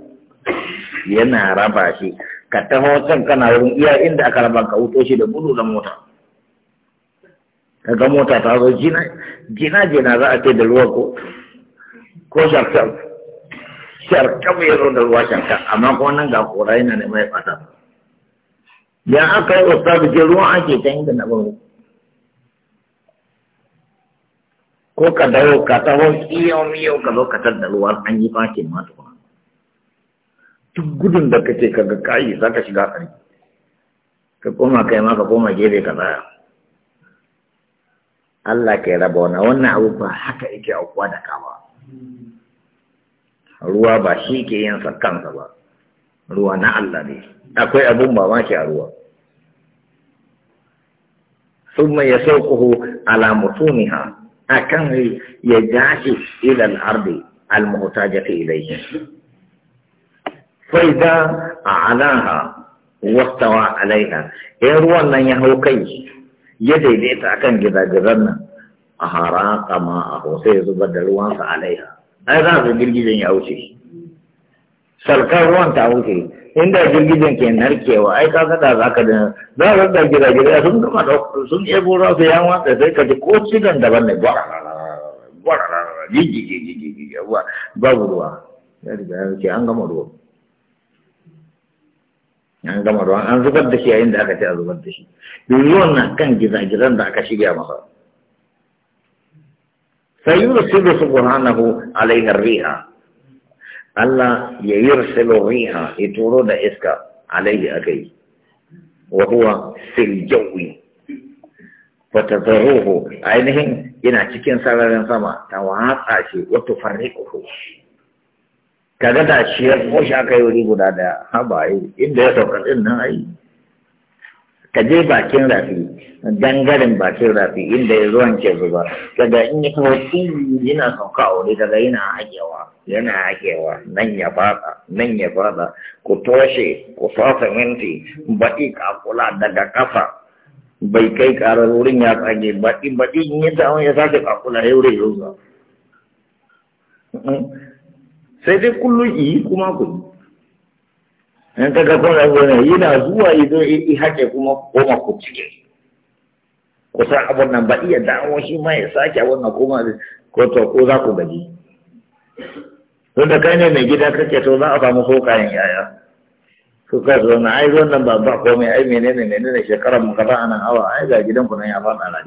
yana raba shi ka taho can kana wurin iya inda aka raba ka wuto shi da gudu da mota kaga mota ta zo jina jina jina za a ce da ruwa ko ko sharkam sharkam ya zo da ruwa shanka amma kuma nan ga kora yana ne mai fata ya aka yi wata ke ruwan ake can inda na bauru ko ka dawo ka taho iyo miyo ka zo ka da ruwa an yi fakin ma tukuna duk gudun da kake ka ga kayi za ka shiga kari ka koma kai ma ka koma gefe ka tsaya Allah ke raba wannan wannan abu ba haka yake aukuwa da kama ruwa ba shi ke yin sa kansa ba ruwa na Allah ne akwai abun ke a ruwa summa ya sauƙuhu alamutuni ha a ya ga shi ilal arbi almuhuta ya fi ilai ne. Sai za a ala ha wasta wa alai ha ruwan nan ya hau kai ya daidaita a kan gida gidan nan a hara kama a hosai zubar da ruwansa alai ha. za a zo girgizan ya wuce sarkar ruwan ta wuce inda girgijen ke narkewa ai ka kada za ka da za ka da gida-gida sun gama da sun iya bora su yawa da sai ka ji ko cidan daban ne babu ruwa ya riga ya ce an gama ruwa an gama ruwa an zubar da shi yayin da aka ce a zubar da shi ruwan na kan gizagizan da aka shirya masa sai yursilu subhanahu alaihi riha Allah ya yi riha ya turo da iska alaihi aka yi wa huwa fil jawi fa ainihin yana cikin sararin sama ta watsa shi wa tufarriquhu kaga da shi ya koshi aka yi wuri guda daya Haba inda ya sauka ɗin nan aiki. ka je bakin rafi dangaren bakin rafi inda ya zuwan ke zuba kaga in ya kawo tsiri yana sauka a wuri kaga yana hakewa yana hakewa nan ya fada nan ya fada ku toshe ku fasa minti baɗi kula daga kafa bai kai karar wurin ya tsage baɗi baɗi in ya tsawon ya sake kakula ya wuri ya sai dai kullum yi kuma ku in ka ga kuna yi yana zuwa ido yi haƙe kuma koma ko cike kusan abin nan ba iya dawo shi ma ya sake abin nan koma ko to ko za ku gaji don da kai ne mai gida kake to za a samu sokayen yaya su ka zo na ai zuwan nan ba ba komai ai menene menene shekarar mu kaza anan awa ai ga gidan ku nan ya faɗa na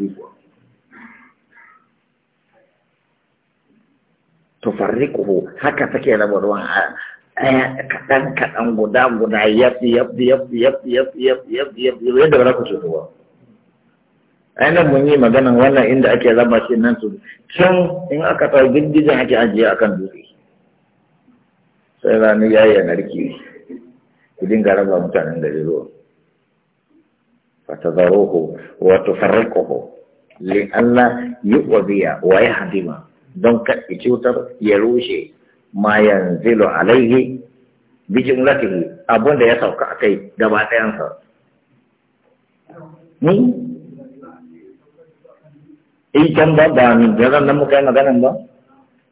to farriku haka take rabuwa ɗaya kaɗan kaɗan guda guda yafi yafi yafi yafi yafi yafi yafi yafi yadda ba za ku cutu ba ainihin mun yi maganan wannan inda ake raba shi nan su can in aka sa girgijin ake ajiye a kan dutse sai rani ya yi narki ku dinga raba mutanen zaro ruwa wato wa tufarriquhu li Allah yu'dhiya wa yahdima don ka cutar ya rushe ma yanzilu alaihi bi jumlatihi abun da ya sauka akai gaba ɗayansa ni in can ba ba ni da nan muka yi maganan ba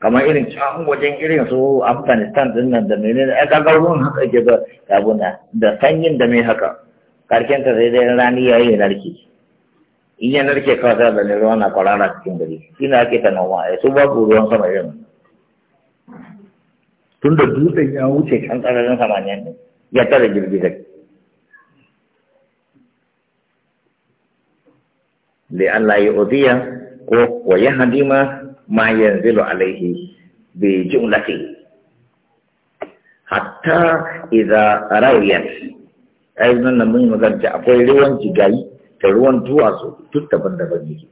kamar irin can wajen irin su afghanistan din nan da ne ai ga ruwan haka ke da abuna da sanyin da mai haka karken ta sai dai rani yayi narki in ya narke kawai da ne ruwan na kwarara cikin gari ina ake ta noma su babu ruwan sama irin tun da dutsen ya wuce kan sararin samaniya ne ya tara girgizar da Allah ya uziya ko wa ya hadima ma yanzilu alaihi bi jumlati hatta idza rawiyat ai nan mun magana akwai ruwan jigayi da ruwan duwatsu duk daban-daban yake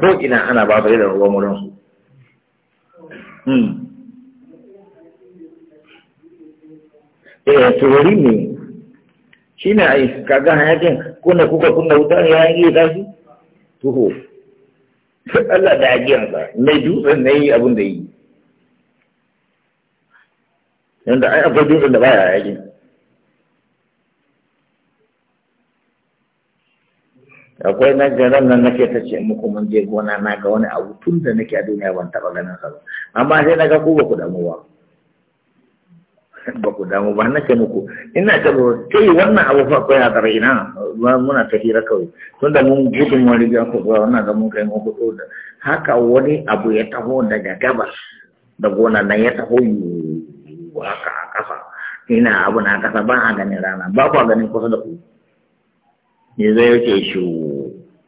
ko ina ana ba da ruwan wurin su hmm. eh tururi ne shi ne a kaga hayakin kuna kuka kunna wuta ya yi tashi tuho Allah da ajiyarsa mai dutsen na yi abin da yi yanda ai akwai dutsen da baya hayaki akwai na garan nan nake ta ce muku mun je gona na ga wani abu tun da nake a duniya ban taɓa ganin sa amma sai na ga ku ba ku damu ba ku damu ba na muku ina ta ba kai wannan abu fa kai hadar ina muna ta hira kawai tunda mun gudun wani ga ku ba wannan da mun kai mu hudu da haka wani abu ya taho daga gabas da gona nan ya taho haka a kafa ina abu na kasa ba a ganin rana ba ku ganin kusa da ku ne zai yake shi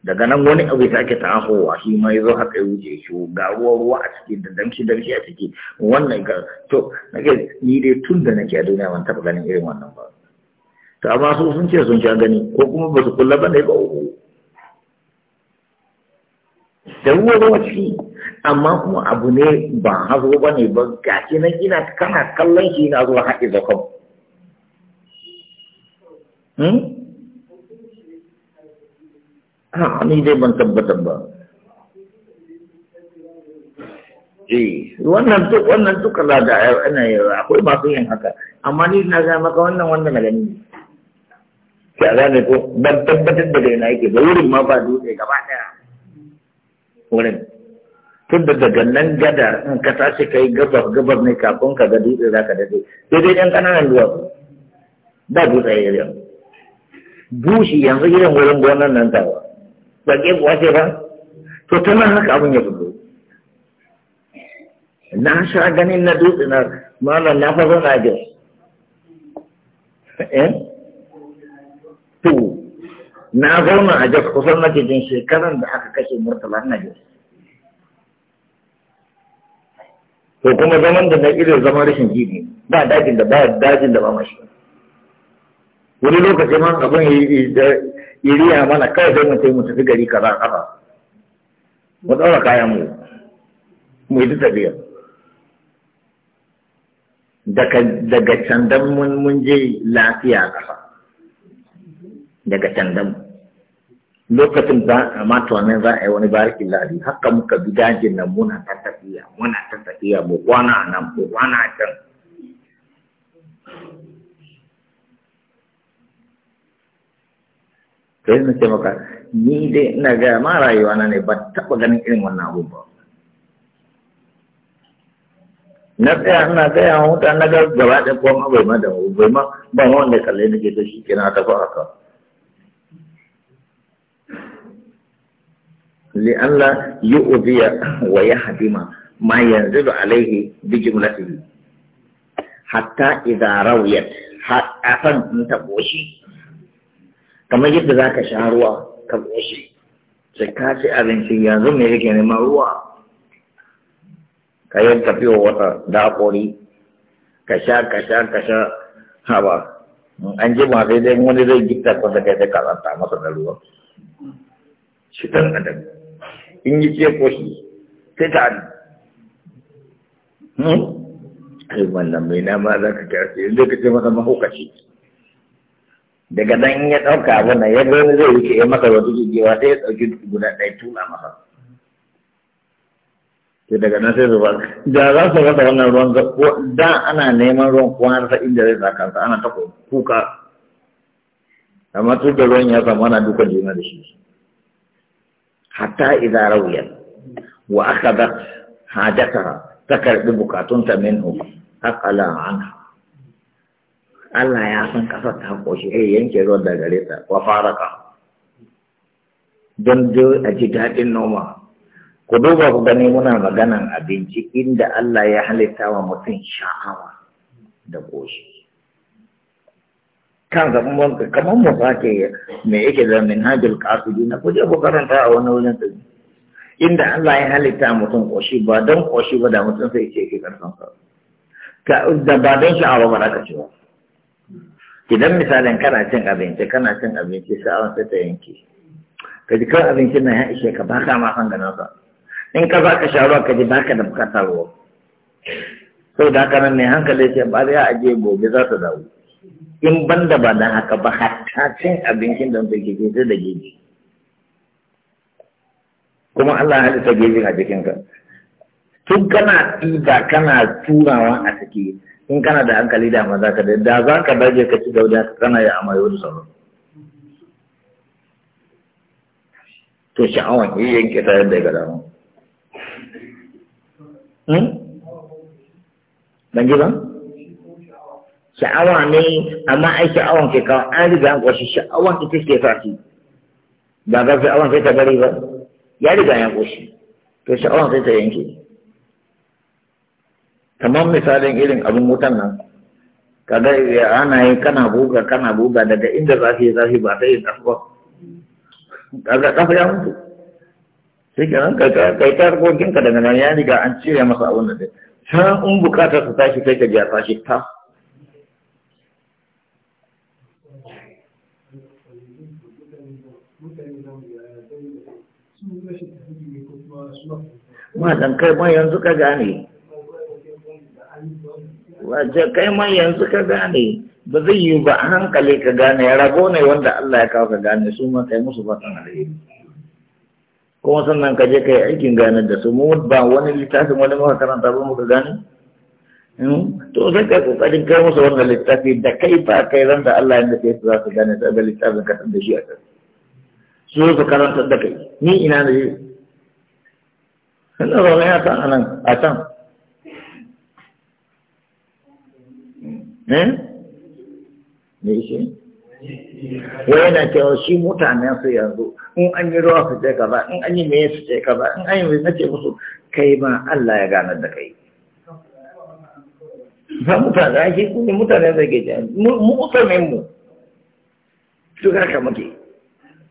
daga nan wani abu ya sake tahowa shi ma ya zo haka ya wuce shi ga ruwa ruwa a ciki da damshi damshi a ciki wannan ga to nake ni dai tun da nake a duniya ban taba ganin irin wannan ba to amma su sun ce sun sha gani ko kuma ba su kula ba ne ba uku da ruwa ruwa ciki amma kuma abu ne ba hazo ba ne ba shi nan ina kana kallon shi na zuwa haɗe zakon. ha ni dai ban tabbatar ba eh wannan duk wannan duka za da ana yi akwai masu yin haka amma ni na maka wannan wannan na gani ya gane ko ban tabbatar da ina yake ba wurin ma ba dutse gaba daya wurin tun daga nan gada in ka tashi kai gabar gabar ne kafin ka ga dutse za ka dade sai dai yan kananan duwatsu ba dutse yanzu irin wurin gonan nan ba ke kuwa ba to tana haka abin ya fito na sha ganin na dutse na malam na fa zauna jos eh? to na zauna a jos kusan nake jin shekaran da aka kashe murtala na jos to kuma zaman da na irin zaman rashin ji ba dajin da ba dajin da ba mashi wani lokaci ma abin ya yi iriya mana kawai sai mu ce mu tafi gari kaza kafa mu ɗaura kayan mu mu yi tafiya daga daga candan mun mun je lafiya kafa daga candan lokacin ba a matuwa ne za a yi wani bariki ladi haka muka bi dajin nan muna ta tafiya muna ta tafiya mu kwana nan mu kwana can sai na ce maka ni dai ina ga ma rayuwa na ne ba taɓa ganin irin wannan abu ba na tsaya ina gaya wa mutane na ga gaba da ko bai ma da mu bai ma ba ma wanda kalle ke to shi kenan ta fara ka li Allah yu'diya wa yahdima ma yanzilu alaihi bi jumlatihi hatta idza rawiyat a san in ta boshi kamar yadda za ka sha ruwa ka goshi sai ka ci abinci yanzu me yake neman ruwa ka yi tafiya wata dakori ka sha ka sha ka sha haba an ji ma sai dai wani zai gita ko da kai sai ka zanta masa da ruwa shi dan adam in yi ce ko shi sai ta hmm? ai wannan mai nama za ka kyarce ce masa mahaukaci daga nan ya ɗauka abin nan ya gani zai wuce ya masa wata jujjewa sai ya ɗauki guda ɗaya tuna masa sai daga nan sai ba da za su rasa wannan ruwan da ana neman ruwan ko har sa inda zai kansa, ana ta kuka amma tun da ruwan ya samu ana dukan juna da shi hatta idan rawiyat wa akhadhat hajjata ta karɓi bukatunta haƙala a hana. Allah ya san kasar ta koshi ya eh, yanke ruwan da gare ta wa ka don jo a ji daɗin noma ku duba ku gani muna maganan abinci inda Allah ya halitta wa mutum sha'awa da koshi kan zaɓin kamar mu sake me yake da min hajjul kasudi na kuje ku karanta a wani wajen tafi inda Allah ya halitta mutum koshi ba don koshi ba da mutum sai ce ke karfan ka da ba don sha'awa ba za ka ci ba idan misalin kana cin abinci kana cin abinci sha'awar sai ta yanke ka ji kawai abincin nan ya ishe ka baka ma san ganin sa in ka za ka sha ruwa ka ji baka da bukatar ruwa sau da haka nan ne hankali ce ba a je gobe za ta dawo in ban da ba don haka ba hatta cin abincin da mutum ke sai da gege kuma Allah ya ta gege a jikinka tun kana ɗiba kana turawa a ciki in kana da hankali da maza ka da za ka daje ka ci gauda ka kana ya amayo da sauran to sha'awan yi yanke ta yadda ya ga damu Ɗan hmm? ji ba sha'awa ne amma ai sha'awan ke kawo an riga an kwashi sha'awan ita ke sa shi ba ga sha'awan sai ta bari ba ya riga ya kwashi to sha'awan sai ta yanke kamar misalin irin abin wutan nan kaga eh, ana yi kana buga kana buga daga inda zafi zafi ba sai da ba kaga kafa ya mutu sai ka ranka kai ta harkokin ka daga nan ya riga an cire masa abin da sai in bukatar su tashi kai ka ji a tashi ta ma dan kai ma yanzu ka gane wace kai ma yanzu ka gane ba zai yi ba a hankali ka gane ya rago ne wanda Allah ya kawo ka gane su ma kai musu fatan alheri kuma sannan ka je kai aikin gane da su mu ba wani littafin wani muka karanta ba muka gane hmm? to sai kai kokarin kai musu wannan littafi da kai fa kai ran da Allah ya kai su za su gane da littafin ka san da shi a kai su su karanta da kai ni ina da shi sannan zaune a can a nan a can ne eh? shi wai na kyau shi mutanen su yanzu in an yi ruwa su ce ba, in an yi me su ce ba, in an yi me na ce musu kai ma Allah ya gane da kai ba mutane ake kuma mutane zai ke jan mu usamin mu su ka muke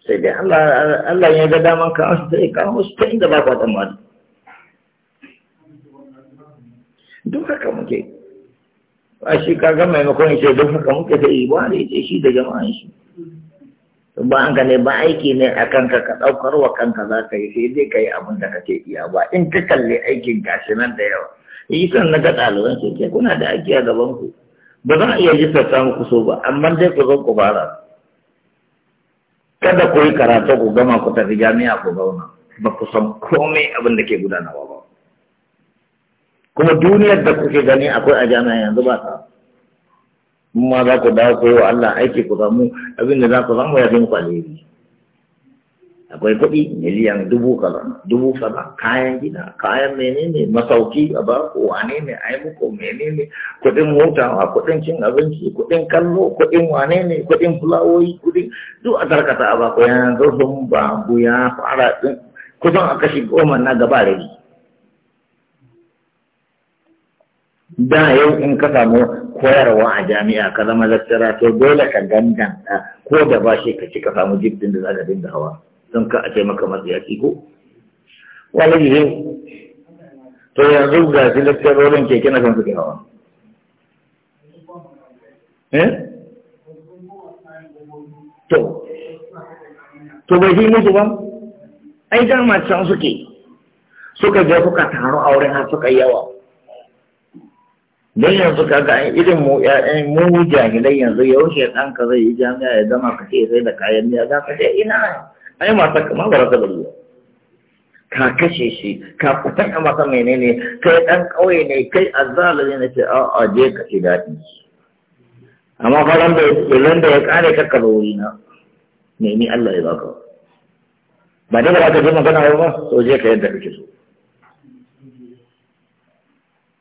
sai dai Allah ya ga daman kawo su ta kawo su ta inda ba kwa tsammani duk haka muke ba shi ga maimakon ce duk haka muka sai ba da ce shi da jama'an shi ba an gane ba aiki ne a kanka ka ɗaukar wa kanka za ka yi sai dai ka yi abin da kake iya ba in ka kalli aikin gashi nan da yawa yi kan na ga ɗaliban sai ke kuna da aiki a gaban ku ba za a iya lissafta muku so ba amma dai ku zo ku fara kada ku yi karatu ku gama ku tafi jami'a ku zauna ba ku san komai abin da ke gudanawa ba kuma duniyar da kuke gani akwai a jami'a yanzu ba ta ma za ku dawo ko Allah aiki ku samu abin da za ku samu ya fi alheri akwai kuɗi miliyan dubu kaza dubu kaza kayan gida kayan menene masauki a ba ku wane ne yi muku menene kuɗin mota, kuɗin cin abinci kuɗin kallo kuɗin wane ne kuɗin fulawoyi kuɗin duk a tarkata a ba ku yanzu sun ba ya fara kusan a kashi goma na gaba da yau in ka samu koyarwa a jami'a ka zama lattara to dole ka danganta ko da ba shi ka ci ka samu jibdin da za ka dinga hawa don ka a maka masu yaki ko wani yi to yanzu ga shi lattarorin keke na kan suke hawa eh? to to bai yi musu ba ai dama can suke suka je suka taru wurin har suka yawa don yanzu kaga an irin mu ƴaƴan mu jahilai yanzu yaushe ɗanka zai yi jami'a ya zama ka ce sai da kayan miya za ka ce ina ai masa kama ba rasa da ka kashe shi ka kusan a masa menene kai ɗan ƙauye ne kai azzalali ne ce a a je ka shi daɗi amma faran da ilan da ya kare ka ka zauri na ni Allah ya baka ba ne ba ka je magana ba so je ka yadda kake so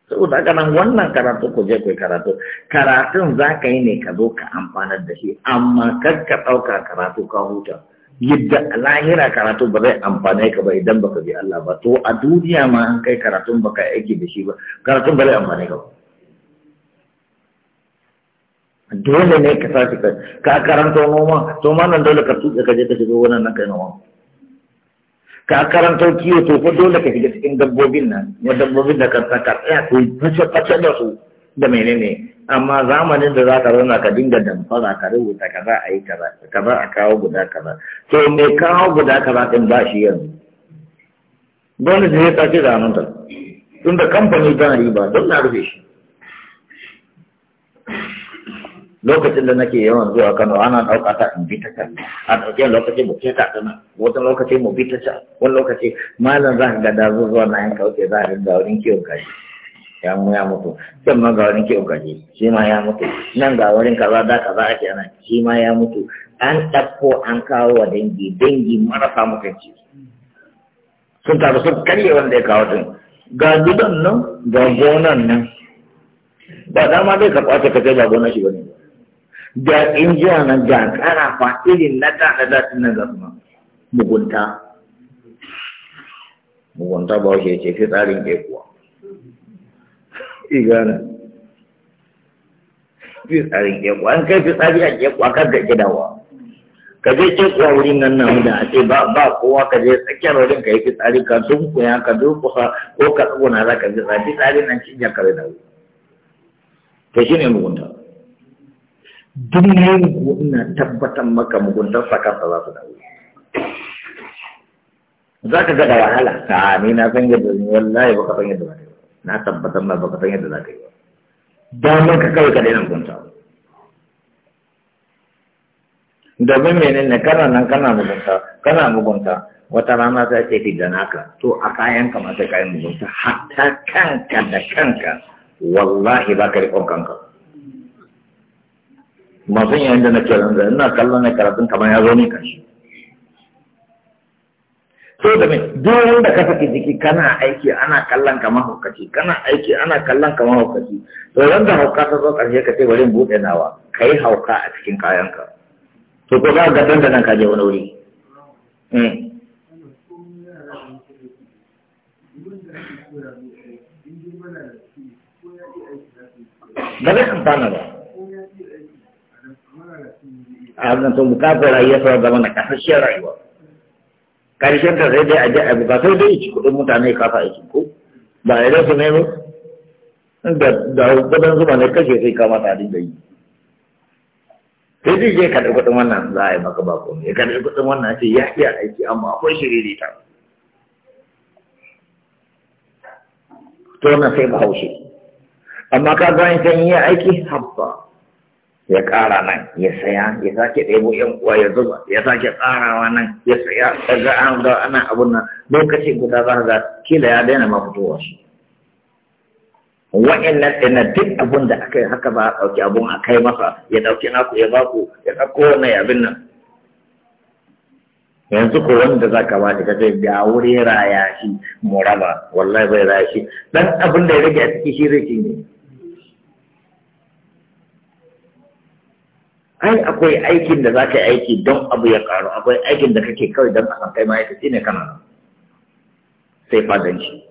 saboda haka nan wannan karatu ku je ku karatu karatun za ka yi ne ka zo ka amfanar da shi amma kar ka ɗauka karatu ka huta yadda lahira karatu ba zai amfane ka ba idan baka bi Allah ba to a duniya ma an kai karatun baka aiki da shi ba karatun ba zai amfane ka ba dole ne ka sashi ka karanta noma to ma nan dole ka tuɗe ka je ka shiga wannan na kai noma ka karanta kiwo to ko dole ka shiga cikin dabbobin nan ya dabbobin da ka saka tsaya ko fashe-fashe da su da menene amma zamanin da za ka zauna ka dinga damfara ka rubuta kaza a yi kaza kaza a kawo guda kaza to me kawo guda kaza din ba shi yanzu dole ne ya sace da tunda kamfani tana riba don na rufe shi lokacin da nake yawan zuwa Kano ana ɗauka ta in bi ta can a ɗauke lokaci mu ke ta tana wata lokaci mu bi ta can wani lokaci malam za ka ga da zuwa na yanka wuce za a rinda wurin kiwon kaji ya mu ya mutu can ma ga wurin kiwon kaji shi ma ya mutu nan ga wurin kaza da kaza ake ana shi ma ya mutu an ɗauko an kawo wa dangi dangi marasa mutunci sun taru sun karye wanda ya kawo din ga gidan nan ga gonan nan ba dama zai ka kwace ka kai ba gonan shi ba ga injiya nan ga fa irin na da na da na zama mugunta mugunta ba shi ce fi tsarin kuwa. igana fi tsarin kuwa, an kai fi tsari a kuwa kan ka gidawa ka je kuwa wurin nan nan da a ce ba kowa ka je tsakiyar wurin ka yi fi tsari ka dunkuya ka dunkusa ko ka tsuguna za ka fi tsari tsarin nan cinya kare da wuri Ta shi ne mugunta duk yin ina tabbatar maka mugunta sakarsa za su dawo za ka ga da wahala ta ni na san yadda ni wallahi baka san yadda zaka na tabbatar ma baka san yadda zaka yi damar ka kawai ka daina gunta domin menene kana nan kana mugunta kana mugunta wata rana ta ce fi da naka to a kayan ka ma sai kayan mugunta hatta kanka da kanka wallahi ba ka riƙon kanka masu yayin da nake ranza ina kallon na karatun kamar ya zo ne kan shi so da me duk wanda ka saki jiki kana aiki ana kallon kamar hukaci kana aiki ana kallon kamar hukaci to wanda hauka ta zo karshe ka ce wurin in buɗe nawa yi hauka a cikin kayan ka. to ko za ka ga dandanan ka je wani wuri ba zai amfana ba abin hakan bukatar rayuwa ta zama na kasashiyar rayuwa karshen ta sai dai a je a bukatar dai ci kuɗin mutane kafa aiki ko ba ya rasu ne da da kudin zuba ne kashe sai kama ta da yi sai dai je kaɗa kuɗin wannan za a yi maka ba komai kaɗa kuɗin wannan sai ya iya aiki amma akwai shiriri ta to na sai ba haushe amma ka ga in yi aiki habba ya ƙara nan ya saya ya sake ɗebo yan uwa ya zuba ya sake ƙarawa nan ya saya daga an ga ana abun nan lokaci guda za ga kila ya daina ma fitowa shi wa'annan ɗina duk abun da aka yi haka ba a ɗauki abun a kai masa ya ɗauki naku ya ba ku, ya ɗauko wannan abin nan yanzu ko wanda za ka bada ka zai ga wuri raya shi mu raba wallahi bai raya shi ɗan abin da ya rage a ciki shi zai ne ai akwai aikin da za ka yi aiki don abu ya karu akwai aikin da kake kawai don a kai ma'aikaci ne kana sai fadanci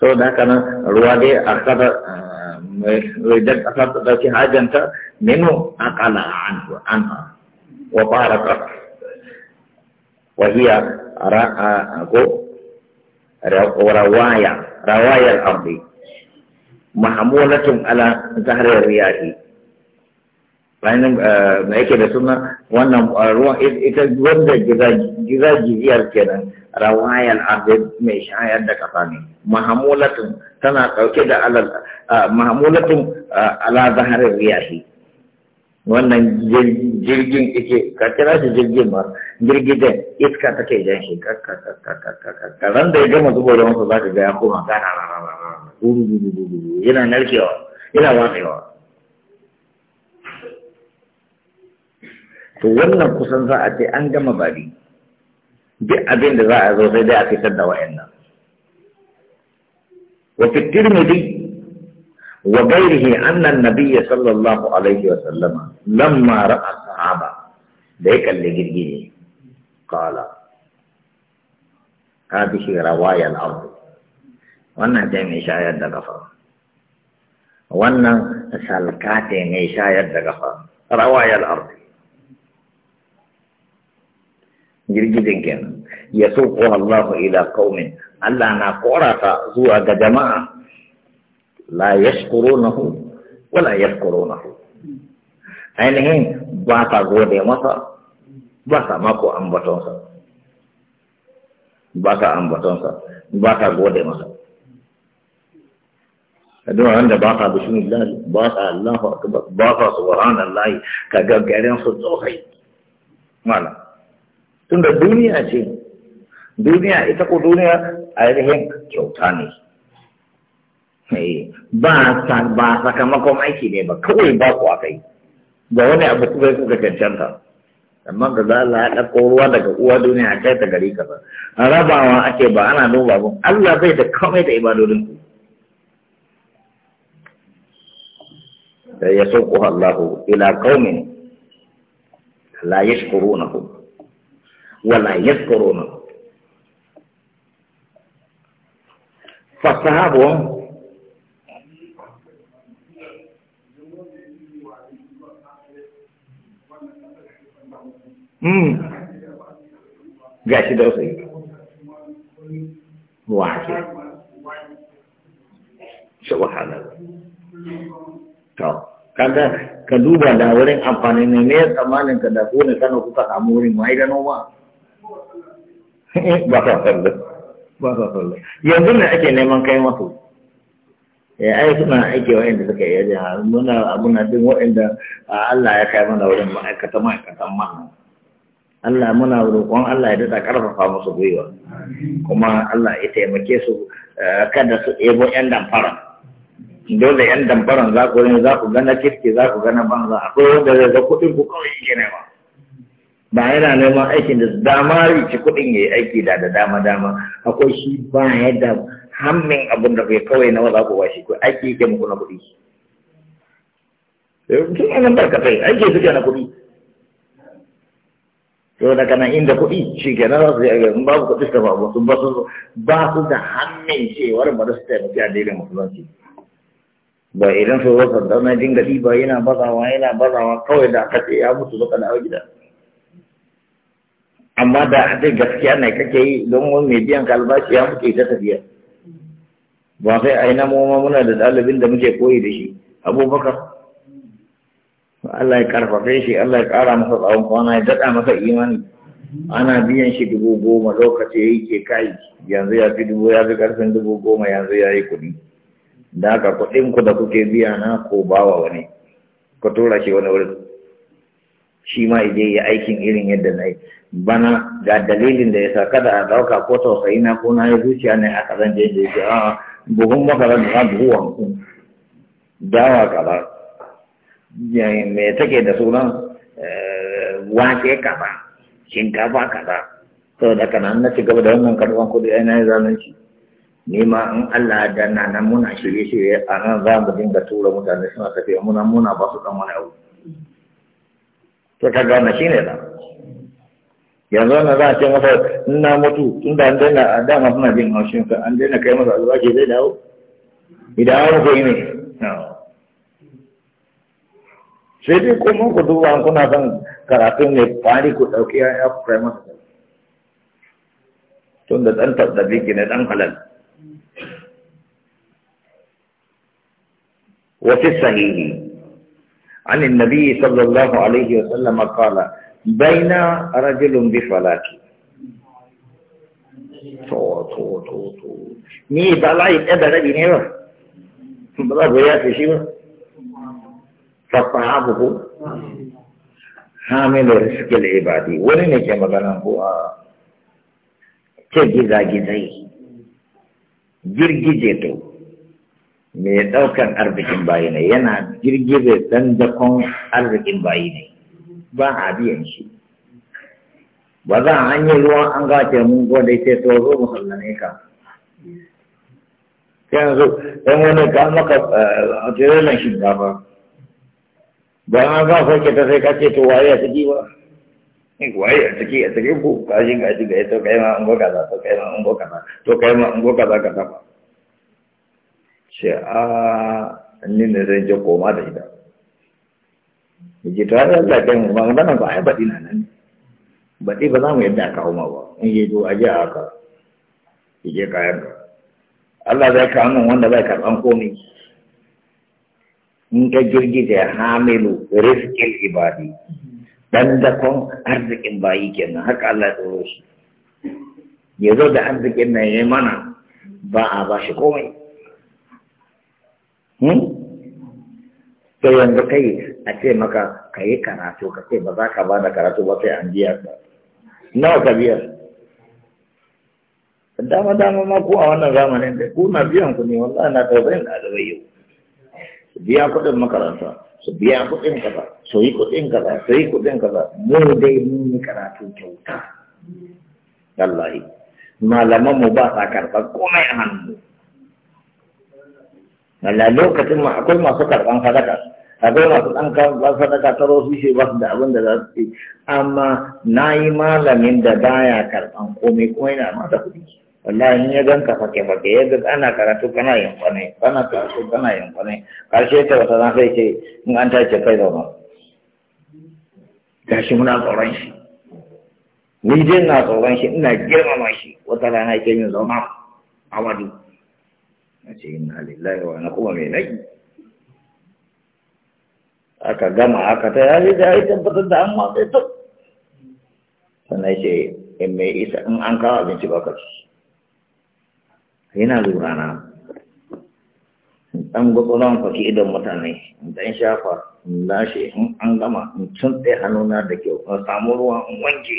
sau da haka nan ruwa dai a kada rijar kasa ta dauki hajjanta minu a kala an wa fara wahiya ko rawaya rawayar abu mahamulatun ala zahrar riyahi bayan da eh, yake da suna wannan eh, ruwan ita wanda gida jiziyar kenan rawayan abin mai shayar da kafa ne mahamulatun tana dauke da alal eh, mahmulatun ala zahrar riyahi wannan jirgin ike ka kira shi jirgin ba jirgin da iska take jan shi karan da ya gama zubo da masa za ka ga ya koma gana yana narkewa yana watsewa to wannan kusan za a ce an gama bari duk abin da za a zo sai dai a fitar da wa'annan wa fi tirmidhi وغيره أن النبي صلى الله عليه وسلم لما رأى الصحابة ذيك اللي جرجيني قال هذه رواية الأرض وانا جاي شاير دقفا وانا سلكاتي شاير دقفا رواية الأرض girgijin kenan ya sokowa Allah ila qaumin Allah na korata zuwa ga jama'a la yashkurunahu wala yashkurunahu ainihin ba ta gode masa ba ta mako ambatonsa ba ta ambatonsa ba ta gode masa addu'a wanda ba bishin bismillah ba ta Allahu akbar ba ta subhanallah ka ga garin su tsohai mala tunda duniya ce duniya ita ko duniya ainihin kyauta ne Eh, ba ba sakamakon aiki ne ba kawai ba ku aka ba wani abu kuma kuka cancanta amma ga za Allah ya ɗauko ruwa daga uwa duniya kai ta gari kaza rabawa ake ba ana noma ba Allah bai da komai da ibadodin ku da ya sauko Allah ila qaumin la yashkurunahu wa la yadhkurunahu fasahabu Hmm. ga shi da sai wake subhanallah to kada ka duba da wurin amfani ne ne tsammanin ka da ko ne kana kuka samu wurin mai da noma ba sa sallah ba sa sallah yanzu ne ake neman kai masu ya eh, ai suna aiki wa'anda suka iya jihar muna abuna din wa'anda Allah ya kai mana wurin ma'aikata ma'aikatan mana Allah muna roƙon Allah ya dada ƙarfafa musu gwiwa kuma Allah ya taimake su eh, kada su ebo 'yan damfara dole 'yan damfara za ku za ku gana kirki za ku gana banza akwai wanda zai ga kuɗin ku kawai yake nema ba yana neman aikin da dama rici kuɗin ya yi aiki da da dama dama akwai shi ba ya da hammin abin da kai kawai na za ku ba shi aiki yake muku na kuɗi. Eh, nan barka barkatai aiki suke na kuɗi. yau da kana inda kuɗi shi ke nan za su yi in babu kuɗi ta babu su ba su ba su da hannun cewar ba su taimaki addinin musulunci ba idan su zo sardauna dinga ba yana bazawa yana bazawa kawai da aka ce ya mutu zaka dawo gida amma da haɗe gaskiya ne kake yi don wani mai biyan ka albashi ya mutu ita tafiya ba sai a yi na muna da ɗalibin da muke koyi da shi abubakar Allah ya karfafe shi Allah ya kara masa tsawon kwana ya daɗa masa imani ana biyan shi dubu goma lokaci ya yi ke kai yanzu ya fi dubu ya fi ƙarfin dubu goma yanzu ya yi kuɗi da haka kuɗinku ku da kuke biya na ko bawa wani ku tura shi wani wurin shi ma ije ya aikin irin yadda na yi bana ga dalilin da ya sa kada a ɗauka ko tausayi na ko na yi zuciya ne a kazan da ya ce a buhun makarar buhu dawa kaza me take da sunan eh, wake kaza shinkafa kaza to da kana na ci gaba da wannan karban kudi ai nayi zalunci ni ma in Allah da na nan muna shirye shirye a nan za mu dinga tura mutane suna tafiya muna muna ba su dan wani abu to ka gane shine da yanzu na za a ce masa in na mutu tun da an daina a dama suna jin haushin ka an daina kai masa albashi zai dawo idan an ko ne sai dai kuma ku duba kuna son karatu ne fari ku ɗauki ya primary school tun da ɗan tattabi ki ne ɗan halal wasu sahihi عن النبي صلى الله عليه وسلم قال بين رجل بفلاك تو تو تو تو ني بلاي ادربي نيوا بلا بيا في شيء فصحابه حامل رزق العبادي ولن كما قال هو تجزا جزي girgije to me ɗaukan arzikin bayi ne yana girgize ɗan dakon arzikin bayi ne ba a biyan shi ba za a hanyar ruwan an gace mun gwada ce to zo musallane ka yanzu ɗan wani ka maka a tirelin shinkafa ba ma za ka ta sai ka ce to waye a ciki ba waye a ciki a cikin ku ka shi ga shi ga eh, to kai ma ungo kaza to ma ungo kaza to kai ma ungo a ah, koma da ita yace to ai Allah kai mu magana ba ai baɗi na nan baɗi ba za mu yadda aka hauma ba in yi kayan in ka girgije hamilu rizqil ibadi dan da kon arzikin bayi kenan haka Allah tsoro shi ya zo da arzikin nan ya mana ba a ba shi komai hmm? to yanzu kai a ce maka ka yi karatu ka ce ba za ka ba da karatu ba sai an biya ka nawa ka biyar dama dama ma ko a wannan zamanin da ku na biyan ku ne wallahi na tausayin ɗalibai yau su biya kuɗin makaranta su biya kuɗin kaza su yi kuɗin kaza su yi kuɗin kaza mu dai mun yi karatu kyauta wallahi malaman mu ba sa karɓar komai a hannu wala lokacin ma akwai masu karɓan sadaka akwai masu ɗan karɓan sadaka ta rosu shi ba su da abin da za su ce amma na yi malamin da baya karɓan komai kuma yana mata kuɗi wallahi in ya ganka fake fake ya ga ana karatu kana yin kwane kana karatu kana yin kwane karshe ta wata na sai ce in an tace kai zauna gashi muna tsoron shi ni dai na tsoron shi ina girmama shi wata rana ke yin zauna wadu. na ce inna lillahi wa na kuma mai nagi aka gama aka ta yaji da ya tabbatar da an matsayi tuk sannan ce in mai isa in an kawo abinci ba ka ci yana lura na dan gwakwalan fashi idan mutane dan shafa in an gama in tun tsaye da kyau samu ruwa in wanke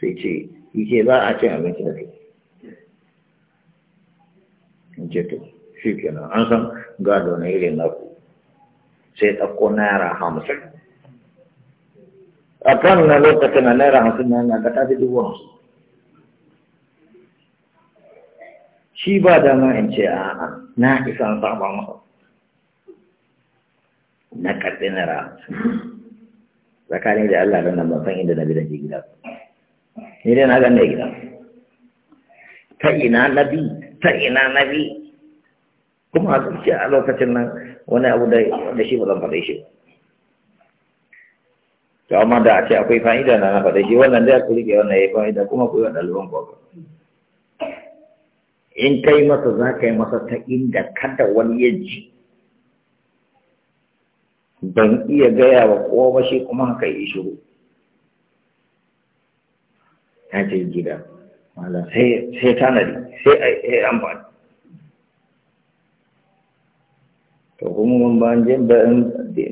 sai ce yake za a cin abinci da kai in ce to shi kenan an san gado na irin ku, sai ɗauko naira hamsin a kan na lokacin na naira hamsin na na ga tafi dubu hamsin shi ba dama in ce a'a na isa na saba masa na karɓi na ra tsakanin da Allah don nan ban san inda na bi da ke gida ni dai na gan da gida ta ina nabi ta ina nabi kuma a zuciya a lokacin nan wani abu da shi ba zan faɗe shi ba amma da a ce akwai fa'ida na na faɗe shi wannan dai kuri ke wannan ya yi fa'ida kuma ku yi wa ɗaliban kwakwa in kai masa za ka yi masa ta inda kada wani ya ji ban iya gaya wa kowa ba shi kuma haka yi shiru ya ce gida malam sai tanadi sai a yi amfani to kuma ban ba jin da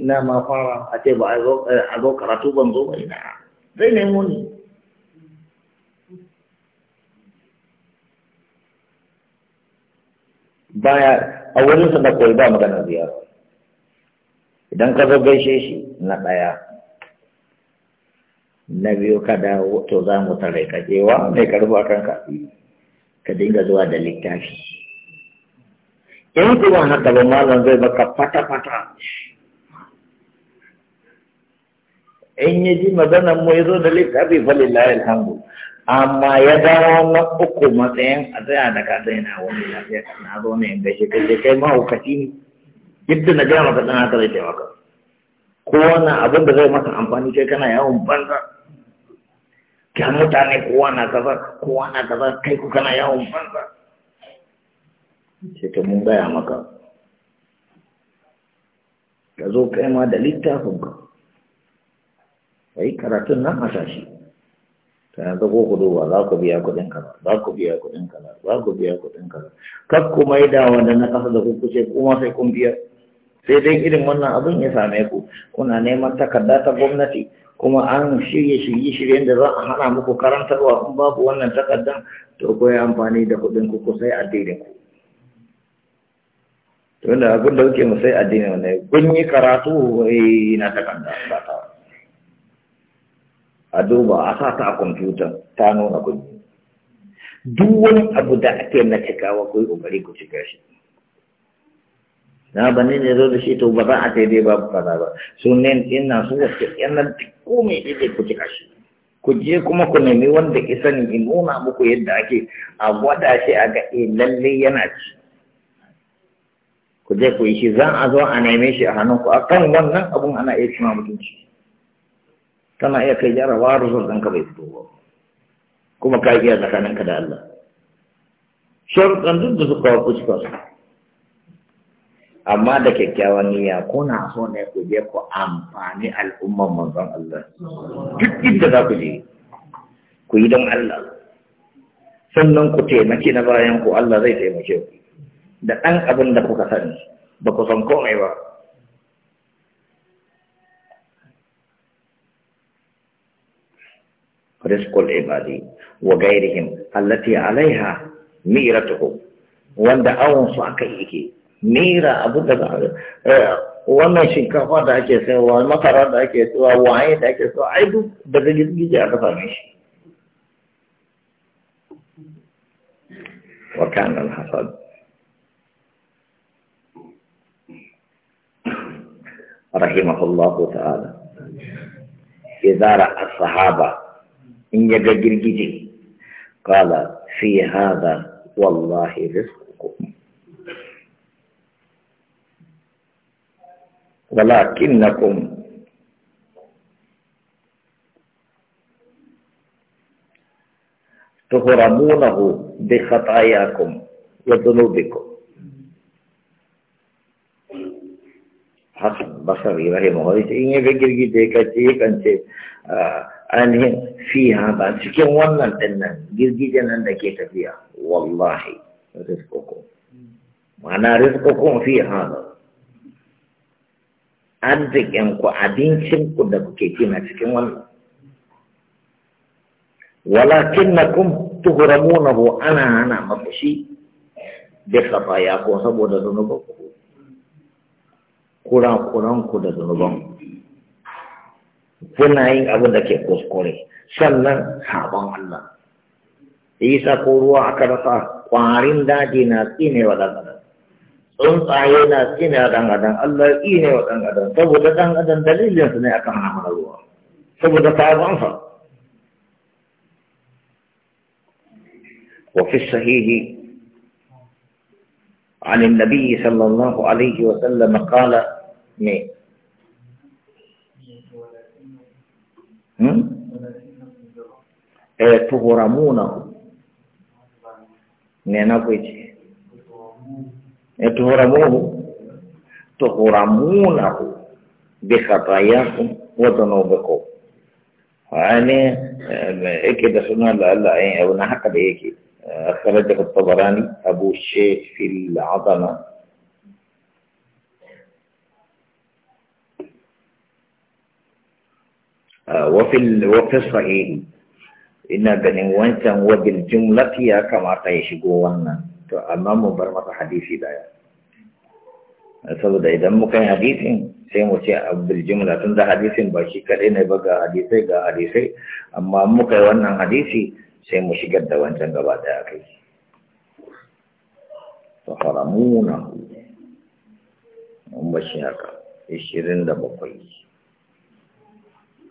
na ma fara a ce ba a zo karatu ban zo ba ina zai nemo ne baya a wurin sa da koyi ba maganar ziyara idan ka zo gaishe shi na ɗaya na biyu ka dawo to za mu tare ka cewa mai karbu a kanka ka dinga zuwa da littafi in kuma haka ba malam zai baka fata-fata in ya ji maganan mu ya zo da littafi falilahi alhamdu amma ya dawo na uku matsayin a tsaya da ka zai na wani lafiya na zo ne ga shi kai kai mahaukaci ne yadda na gaya maka ɗan kare zai taimaka ko wani abin da zai maka amfani kai kana yawon banza Ka mutane kowa na kaza kowa na kaza kai ku kana yawon banza sai ta mun gaya maka ka zo kai ma da littafin ka kai karatun nan a sashi ta ko ku duba za ku biya kuɗin kaza za ku biya kuɗin kaza za ku biya kuɗin kaza kar ku maida wanda na kasa da ku kuce kuma sai kun biya sai dai irin wannan abin ya same ku kuna neman takarda ta gwamnati kuma an shirye shirye shiryen da za a hana muku karantarwa in babu wannan takardan to ku yi amfani da kuɗin ku ku sai addini ku to wanda abin da kuke mu sai addini wannan kun yi karatu eh, na takarda ba ta a duba a sa ta a kwamfuta ta nuna kun duk wani abu da ake na cikawa ko kokari ku cika shi na bane ne zo da shi to ba za a daidai ba kaza ba su ne ina su wasu yana ko me ne ku cika shi ku je kuma ku nemi wanda ke sani in nuna muku yadda ake a gwada shi a ga e eh, lalle yana ci ku je ku yi shi zan a zo a neme shi a hannunku kan wannan abun ana iya cima mutunci kana iya kai jarawa rusar ka bai fito ba kuma ka iya ka da Allah sharuɗan duk da suka wa fuska su amma da kyakkyawan niyya kuna so ne ku je ku amfani al'umman manzon Allah duk inda za ku je ku yi don Allah sannan ku taimaki na bayan ku Allah zai taimake ku da ɗan abin da kuka sani ba ku san komai ba رزق العباد وغيرهم التي عليها ميرته وند اون صاكيه ميرا ابو دغا آه، وما شنك هذا كيس وما ترى هذا كيس وعين هذا كيس وعيد بدل يجي هذا فرش وكان الحصاد رحمه الله تعالى إذا رأى الصحابة إن يجد الجدي قال في هذا والله رزقكم ولكنكم تهرمونه بخطاياكم وذنوبكم حسن بصري رحمه الله إن يجد الجدي كثيرا ainihin fi ba cikin wannan dinnan girgijen nan da ke tafiya wallahi rizkoko ma'ana rizkoko fi ku, abincin ku da kuke ci na cikin wannan walakin na kun ko ana hana maku shi da ya ko saboda zunubanku kura-kuranku da zunubanku kuna yin abin da ke kuskure sannan sabon Allah isa ko ruwa aka rasa kwarin daji na tsine wa dan tsuntsaye na tsine wa dan Allah tsine wa dan saboda dan adam dalilin su ne akan hana mana ruwa saboda sabon sa wa fi sahihi عن النبي صلى الله عليه وسلم قال مي tuhoramunahu nena kweche tuhoramuhu tuhoramunahu bikhatayakum wa dhunubikum yani yake da suna da Allah ya yi abu na haka da yake أخرجه الطبراني أبو الشيخ في العظمة wafin sahihi ina ganin wancan wabil jumlati ya kamata ya shigo wannan to amma mu bar masa hadisi daya saboda idan muka yi hadisin sai mu ce abdul jumla tun da hadisin ba shi kaɗai ne ba ga hadisai ga hadisai amma muka yi wannan hadisi sai mu shigar da wancan gaba daya kai to haramuna mun bashi haka 27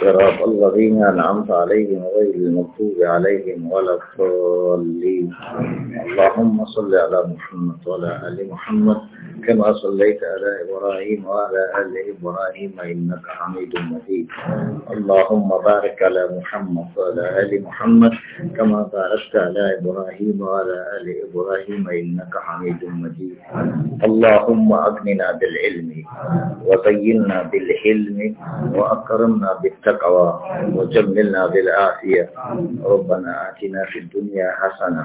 صراط الذين أنعمت عليهم غير المغضوب عليهم ولا الضالين اللهم صل على محمد وعلى آل محمد كما صليت على إبراهيم وعلى آل إبراهيم إنك حميد مجيد اللهم بارك على محمد وعلى آل محمد كما باركت على إبراهيم وعلى آل إبراهيم إنك حميد مجيد اللهم أغننا بالعلم وزينا بالحلم وأكرمنا بالتقوى وجملنا بالعافية ربنا آتنا في الدنيا حسنة